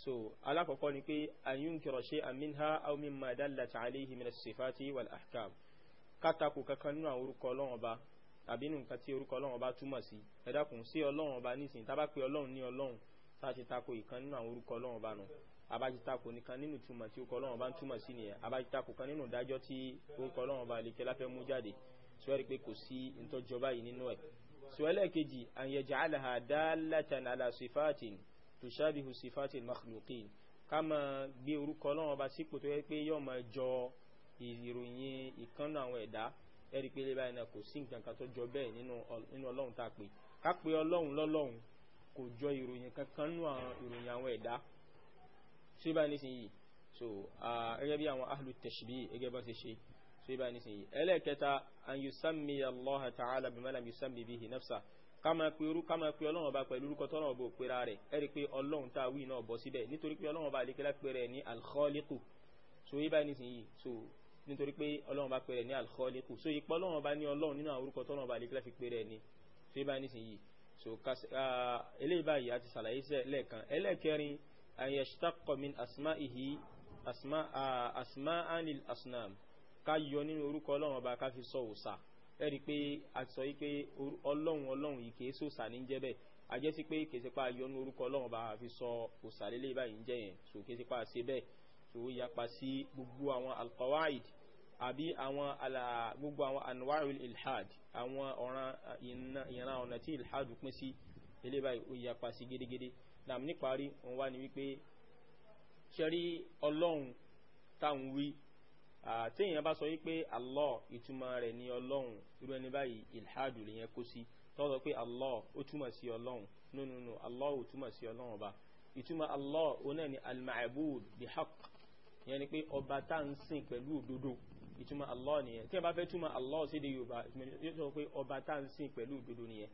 so alákọ̀ọ́kọ́ ni pé an yunkira shay'an minha aw min sifati wal ahkam kátàkù kankan nínú àwọn orúkọ ọlọ́run ọba tàbí nínú nǹkan tí orúkọ ọlọ́run ọba túmọ̀ sí ẹ dákun sí ọlọ́run ọba nísìnyí tábà pé ọlọ́run ní ọlọ́run tá a ti tako ìkan nínú àwọn orúkọ ọlọ́run ọba nù abájítàkù nìkan nínú túmọ̀ tí orúkọ ọlọ́run ọba ń túmọ̀ sí nìyẹn abájítàkù kan nínú ìdájọ́ tí orúkọ ọlọ́run ọba àlèkè láfẹ́ mú jáde sọ́rí pé kò sí ìtọ́jọba yìí nínú ẹ̀ sọ́ẹ́lẹ̀ kejì an yaj'alaha ala sifatin tushabihu sifatil makhluqin ká máa gbé orúkọ ọlọ́run ọba sípò tó yẹ pé yóò máa jọ ìròyìn ìkánná àwọn ẹ̀dá ẹ̀rí pé lè báyìí náà kò sí nǹkan kan tó jọ bẹ́ẹ̀ nínú ọlọ́run tá a pè ká pé ọlọ́run lọ́lọ́run kò jọ ìròyìn kankan nú àwọn ìròyìn àwọn ẹ̀dá ṣé báyìí nísìnyí so gẹ́gẹ́ bí àwọn ahlu tashbih gẹ́gẹ́ bá ṣe ṣe ṣé báyìí nísìnyí ẹlẹ́ẹ̀kẹta an yusammi Allah ta'ala bima lam yusammi bihi nafsa kama pe irú kama pe ọlọ́run ọba pẹ̀lú orúkọ tọ́lọ́run ọba òpera rẹ̀ ẹ̀rí pé ọlọ́run tá a wí náà bọ́ síbẹ̀ nítorí pé ọlọ́run ọba àlekẹ́lá pé rẹ̀ ní al so yí nísìnyí so nítorí pé ọlọ́run bá pẹ̀rẹ̀ ní alkhọ́líkù so ipò ọlọ́run bá ní ọlọ́run nínú àwọn orúkọ tọ́lọ́run bá lékílẹ̀ fi pẹ̀rẹ̀ ní tó bá ní sìn so eléyìí báyìí àti sàlàyé lẹ́ẹ̀kan ẹlẹ́ẹ̀kẹrin ayẹ̀ṣtàkọ̀ min asma'ihi asma'anil asnam ká yọ nínú orúkọ ọlọ́run bá ká fi sọ òsà ẹ̀rí pé a sọ yìí pé ọlọ́run ọlọ́run yìí kìí sòsà ní jẹ́ bẹ́ẹ̀ àjẹ́sí pé kìí sepa yọ nínú orúkọ ọlọ́run bá fi sọ òsà lélẹ́yìí báyìí ń jẹ́ yẹn so kìí sepa ṣe bẹ́ẹ̀ so ó yapa sí gbogbo àwọn alqawaid àbí àwọn gbogbo àwọn anwarul ilhad àwọn ọ̀ràn ìran ọ̀nà tí ilhad pín sí ilé báyìí ó yapa sí gédégédé nàm níparí òun wá ní wípé ṣẹ́rí ọlọ́run táwọn wí àtẹ́yìn bá sọ wípé Allah ìtumọ̀ rẹ̀ ní ọlọ́run irú ẹni báyìí ilhad lè yẹn kó sí tọ́lọ pé Allah ó túmọ̀ sí ọlọ́run no no no Allah ó túmọ̀ sí ọlọ́run ọba ìtumọ̀ Allah ó náà ni al bihaq yẹn ni pé ọba tá ń sìn pẹ̀lú òdodo ìtumọ̀ Allah nìyẹn tí ẹ bá fẹ́ túmọ̀ Allah sí di Yorùbá yóò sọ pé ọba tá ń sìn pẹ̀lú òdodo nìyẹn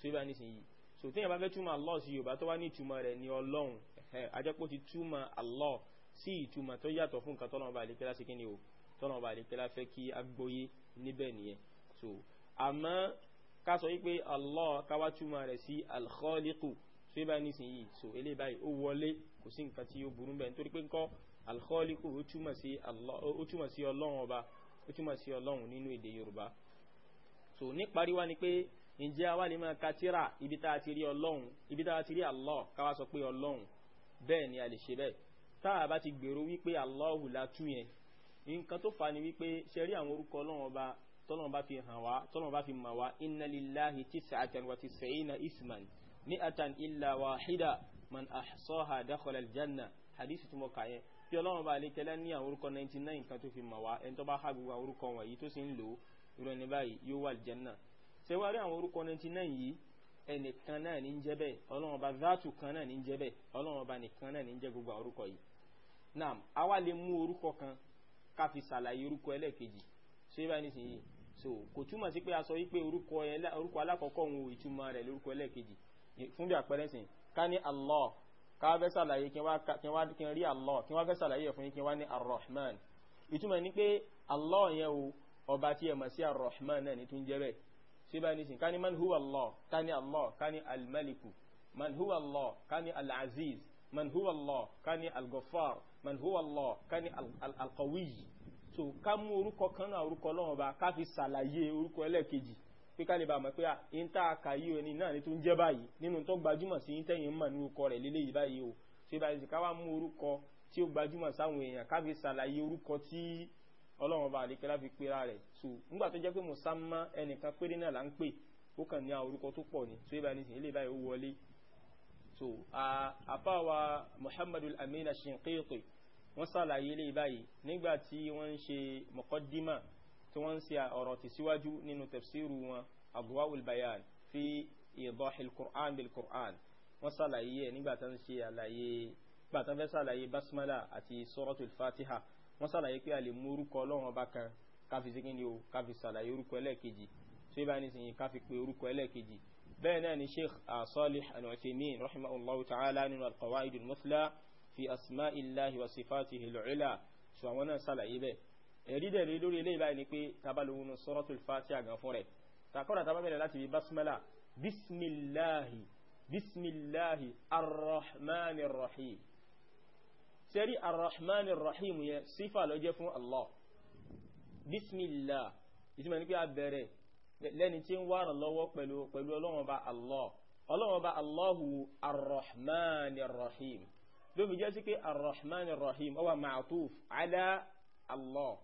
tó yẹ bá nísìnyí so tí ẹ bá fẹ́ túmọ̀ Allah sí Yorùbá tó wá ní ìtumọ̀ rẹ̀ ní Ọlọ́run ajẹ́pọ̀ ti túmọ̀ Allah sí ìtumọ̀ tó yàtọ̀ fún nǹkan tọ́lọ́mọba àlekẹ́lá sí kíni o tọ́lọ́mọba àlekẹ́lá fẹ́ kí agbóyé níbẹ̀ nìyẹn so àmọ́ ká sọ wípé Allah káwá túmọ̀ rẹ̀ sí al-Khaliqu tó yẹ bá nísìnyí so eléyìí báyìí ó wọlé kò sí nǹkan tí ó burú bẹ́ẹ̀ nítorí pé ńkọ́ alkhọ́líkù ó túmọ̀ sí ọlọ́run ọba ó túmọ̀ sí ọlọ́run nínú èdè yorùbá so ní pariwa ni pé ǹjẹ́ àwa lè máa ka tírà ibi tá a ti rí ọlọ́run ibi tá a ti rí allah káwa sọ pé ọlọ́run bẹ́ẹ̀ ni a lè ṣe bẹ́ẹ̀ tá a bá ti gbèrò wípé allahu la tú yẹn nǹkan tó fà ni wípé ṣe rí àwọn orúkọ ọlọ́run ọba tọ́lọ́run bá fi hàn wá tọ́lọ́run bá fi mọ̀ wá inna lillahi tis'atan wa tis'ina isman mi'atan illa wahida man ahsaha dakhala aljanna hadisi tí mo tí ọlọ́run bá lè kẹlẹ́ ní àwọn orúkọ 99 kan tó fi mọ̀ wá ẹni tó bá há gbogbo àwọn orúkọ wọ̀nyí tó sì ń lò irú ẹni báyìí yóò wà àlùjánnà ṣé wàá rí àwọn orúkọ 99 yìí ẹnìkan náà ní ń jẹ́ bẹ́ẹ̀ ọlọ́run bá záàtù kan náà ní ń jẹ́ bẹ́ẹ̀ ọlọ́run bá nìkan náà ní ń jẹ́ gbogbo àwọn orúkọ yìí naam àwa lè mú orúkọ kan ká fi ṣàlàyé orúkọ ẹlẹ́ẹ̀kejì ṣé bá ní sìn so kò túmọ̀ sí pé a sọ wípé orúkọ orúkọ alákọ̀ọ́kọ́ òun ò ìtumọ̀ rẹ̀ lórúkọ ẹlẹ́ẹ̀kejì fún bí àpẹẹrẹ sìn ká ní Allah ká fẹ́ sàlàyé kí wọ́n rí Allah kí wọ́n fẹ́ sàlàyé fún yí kí wọ́n ní arrahman ìtumọ̀ ní pé Allah yẹn o ọba tí ẹ mọ̀ sí arrahman náà ní tún jẹ́ bẹ́ẹ̀ sí bá nísìn ká ní man huwa Allah ká ní Allah ká ní almaliku man huwa Allah ká alaziz man huwa Allah ká algofar man huwa Allah ká ní so ká mú orúkọ kan náà orúkọ lọ́wọ́ bá ká fi sàlàyé orúkọ ẹlẹ́kejì pé ká lè bá mọ̀ pé à ń tá ẹni náà ni tó ń jẹ́ báyìí nínú tó gbajúmọ̀ sí ń tẹ̀yìn mọ̀ ní orúkọ rẹ̀ lélẹ́yìí báyìí o ṣé báyìí ká wá mú orúkọ tí ó gbajúmọ̀ sáwọn èèyàn ká fi ṣàlàyé orúkọ tí ọlọ́run bá àdékẹ́lá fi pera rẹ̀ so nígbà tó jẹ́ pé musamman ẹnìkan péré náà là ń pè ó kàn ní àwọn orúkọ tó pọ̀ ni so ibà nísìnyí lè báyìí ó wọlé so àfáwa muhammadul amina shinqiti wọ́n ṣàlàyé lè báyìí nígbà tí wọ́n ń ṣe muqaddima tí wọ́n ń ṣe ọ̀rọ̀ ti síwájú nínú tafsiru wọn adwa'ul bayan fi idahil qur'an bil qur'an wọ́n ṣàlàyé ẹ̀ nígbà tán ṣe àlàyé nígbà tán fẹ́ ṣàlàyé basmala àti suratul fatiha wọ́n ṣàlàyé pé a lè mú orúkọ ọlọ́run ọba kan káfi sí kíni o káfi ṣàlàyé orúkọ ẹlẹ́ẹ̀kejì tí ó bá ní sìnyí káfi pé orúkọ ẹlẹ́ẹ̀kejì bẹ́ẹ̀ náà ni sheikh salih al rahimahullahu ta'ala nínú al-qawaidul muthla fi asma'illahi wa sifatihi al-ula so náà ṣàlàyé bẹ́ẹ̀ ẹ̀rí dẹ̀ rí lórí eléyìí báyìí ni pé tabalówó nu suratul Fatiha gan fún rẹ̀ takọ́dà tabamẹ́rẹ̀ láti bí basmala bismillahi bismillahi arrahmani rahim sẹ́rí arrahmani rahim yẹn sífà ló jẹ́ fún Allah bismillah ìtumọ̀ ní pé a bẹ̀rẹ̀ lẹ́ni tí ń wà lọ́wọ́ pẹ̀lú pẹ̀lú Ọlọ́run Ọba Allah Ọlọ́run Ọba Allahu arrahmani Allah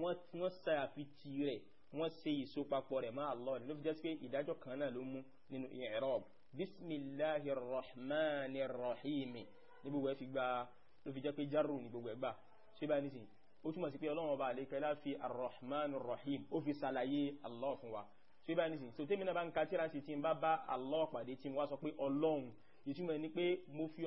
wọ́n ṣàfi ti rẹ̀ wọ́n ṣe ìsopapọ̀ rẹ̀ máa Allah ló fi jẹ́ pé ìdájọ́ kan náà ló mú nínú i'rab bismillahir rahmanir rahim ní gbogbo ẹ̀ fi gba ló fi jẹ́ pé jarru ní gbogbo ẹ̀ gbà ṣé bá nísìn ó túmọ̀ sí pé ọlọ́run ọba àlékẹ́ láfi arrahmanir rahim ó fi ṣàlàyé Allah fún wa ṣé bá nísìn so tèmi náà bá ń ka tíra sí ti ń bá bá Allah pàdé tí wọ́n sọ pé ọlọ́run ìtumọ̀ ni pé mo fi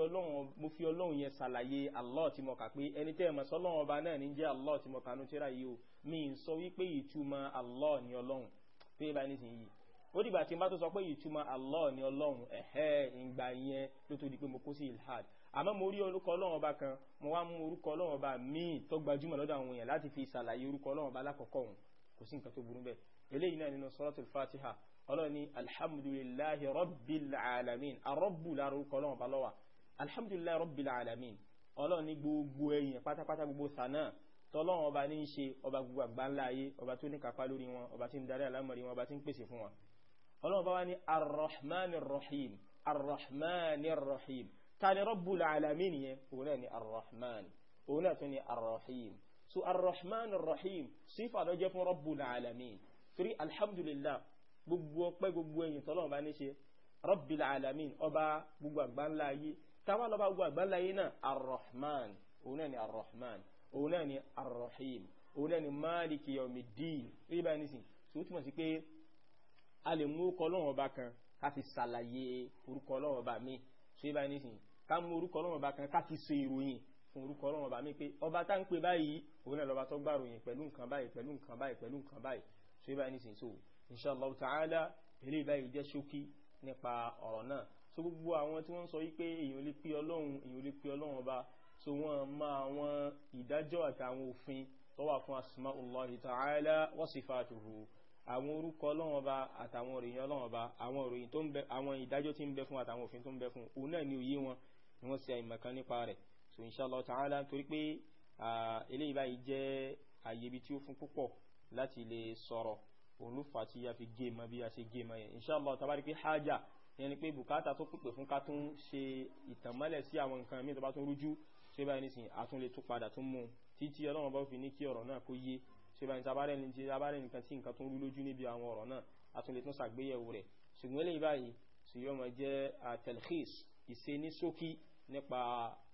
ọlọ́run yẹn ṣàlàyé allah tí mo kà pé ẹni tẹ́ ẹ̀ mọ̀ sọ ọba náà ní jẹ́ allah tí mo kà ní tíra yìí o mi ń sọ wípé ìtumọ̀ allah ni ọlọ́run pé bá ní sìn yìí ó dìgbà tí n bá tó sọ pé ìtumọ̀ allah ni ọlọ́run ẹ̀hẹ́ ìgbà yẹn ló tó di pé mo kó sí ilhad àmọ́ mo rí orúkọ ọlọ́run ọba kan mo wá mú orúkọ ọlọ́run ọba míì tó gbajúmọ̀ lọ́dọ̀ àwọn èèyàn láti fi ṣàlàyé orúkọ ọlọ́run ọba lákọ̀ọ́kọ́ òun kò sí nǹkan tó burú bẹ́ẹ̀ eléyìí náà nínú suratul fatiha ọlọ́ni alhamdulillahi rabbil alamin arọ́bù lárúkọ lọ́wọ́ bá lọ́wà alhamdulillahi rabbil alamin ọlọ́ni gbogbo ẹ̀yìn pátápátá gbogbo sànà tọ́lọ́wọ́ ọba ní ṣe ọba gbogbo àgbáńlá ayé ọba tó ní kápá lórí wọn ọba tí ń darí alámọ̀rí wọn ọba tí ń pèsè fún wọn ọlọ́wọ́ bá wá ní arrahmanirrahim arrahmanirrahim gbogbo ọpẹ́ gbogbo ẹ̀yìn tọ́lọ́run bá ní ṣe rabbil alamin ọba gbogbo àgbáńlá ayé táwọn ọba gbogbo àgbáńlá ayé náà arrahman òun náà ni arrahman òun náà ni arrahim òun náà ni maliki yawmiddin rí bá ní sìn tó túmọ̀ sí pé a lè mú orúkọ ọlọ́run ọba kan ká fi ṣàlàyé orúkọ ọlọ́run ọba mi ṣé bá ní sìn ká mú orúkọ ọlọ́run ọba kan ká fi so ìròyìn fún orúkọ ọlọ́run ọba mi pé ọba tá ń pè báyìí òun náà lọ́ba tó gbàròyìn pẹ̀lú nǹkan báyìí pẹ̀lú nǹkan báyìí pẹ̀lú nǹkan báyìí ṣé bá ní sìn so inshallah ta'ala ilé ìbáyìí jẹ́ ṣókí nípa ọ̀rọ̀ náà so gbogbo àwọn tí wọ́n sọ wípé èyàn lè pé ọlọ́run èyàn lè pé ọlọ́run ọba so wọ́n ma àwọn ìdájọ́ àtàwọn òfin tó wà fún asma'ullahi ta'ala wa sifatuhu àwọn orúkọ ọlọ́run ọba àtàwọn òròyìn ọlọ́run ọba àwọn òròyìn tó ń bẹ àwọn ìdájọ́ tí ń bẹ fún àtàwọn òfin tó ń bẹ láti lè sọ̀rọ̀ òun ló fà tí a fi gé ma bí a ṣe gé ma yẹn inṣàlá tàbá rí pé hájà yẹn ni pé bùkátà tó pèpè fún ká tún ṣe ìtànmọ́lẹ̀ sí àwọn nǹkan mí tó bá tún rújú ṣé báyìí nísìnyí àtúnlé tó padà tún mú títí ọlọ́run bá fi ní kí ọ̀rọ̀ náà kó yé ṣé báyìí tàbá rẹ̀ níjẹ́ tàbá rẹ̀ nìkan tí nǹkan tún rú lójú níbi àwọn ọ̀rọ̀ náà àtúnlé tún ṣàgbéyẹ̀wò rẹ̀ ṣùgbọ́n eléyìí báyìí sì yọ ma jẹ́ telkhis ìṣe ní ṣókí nípa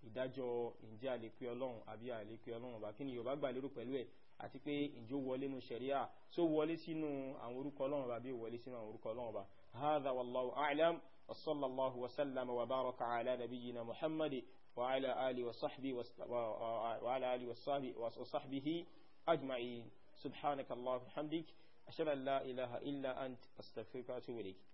ìdájọ́ ǹjẹ́ àlékí ọlọ́run àbí àlékí ọlọ́run bá kí ni yorùbá gbà lérò pẹ̀lú ẹ̀ àti pé ìjó wọlé nínú ṣẹ̀ríà só wọlé sínú àwọn orúkọ ọlọ́run bá bí wọlé sínú àwọn orúkọ ọlọ́run bá hadha wallahu a'lam wa sallallahu wa sallama wa baraka ala nabiyyina muhammadi wa ala ali wa sahbihi wa ala ali wa sahbihi ajma'in subhanaka hamdik ashhadu an la ilaha illa ant astaghfiruka wa atubu ilayk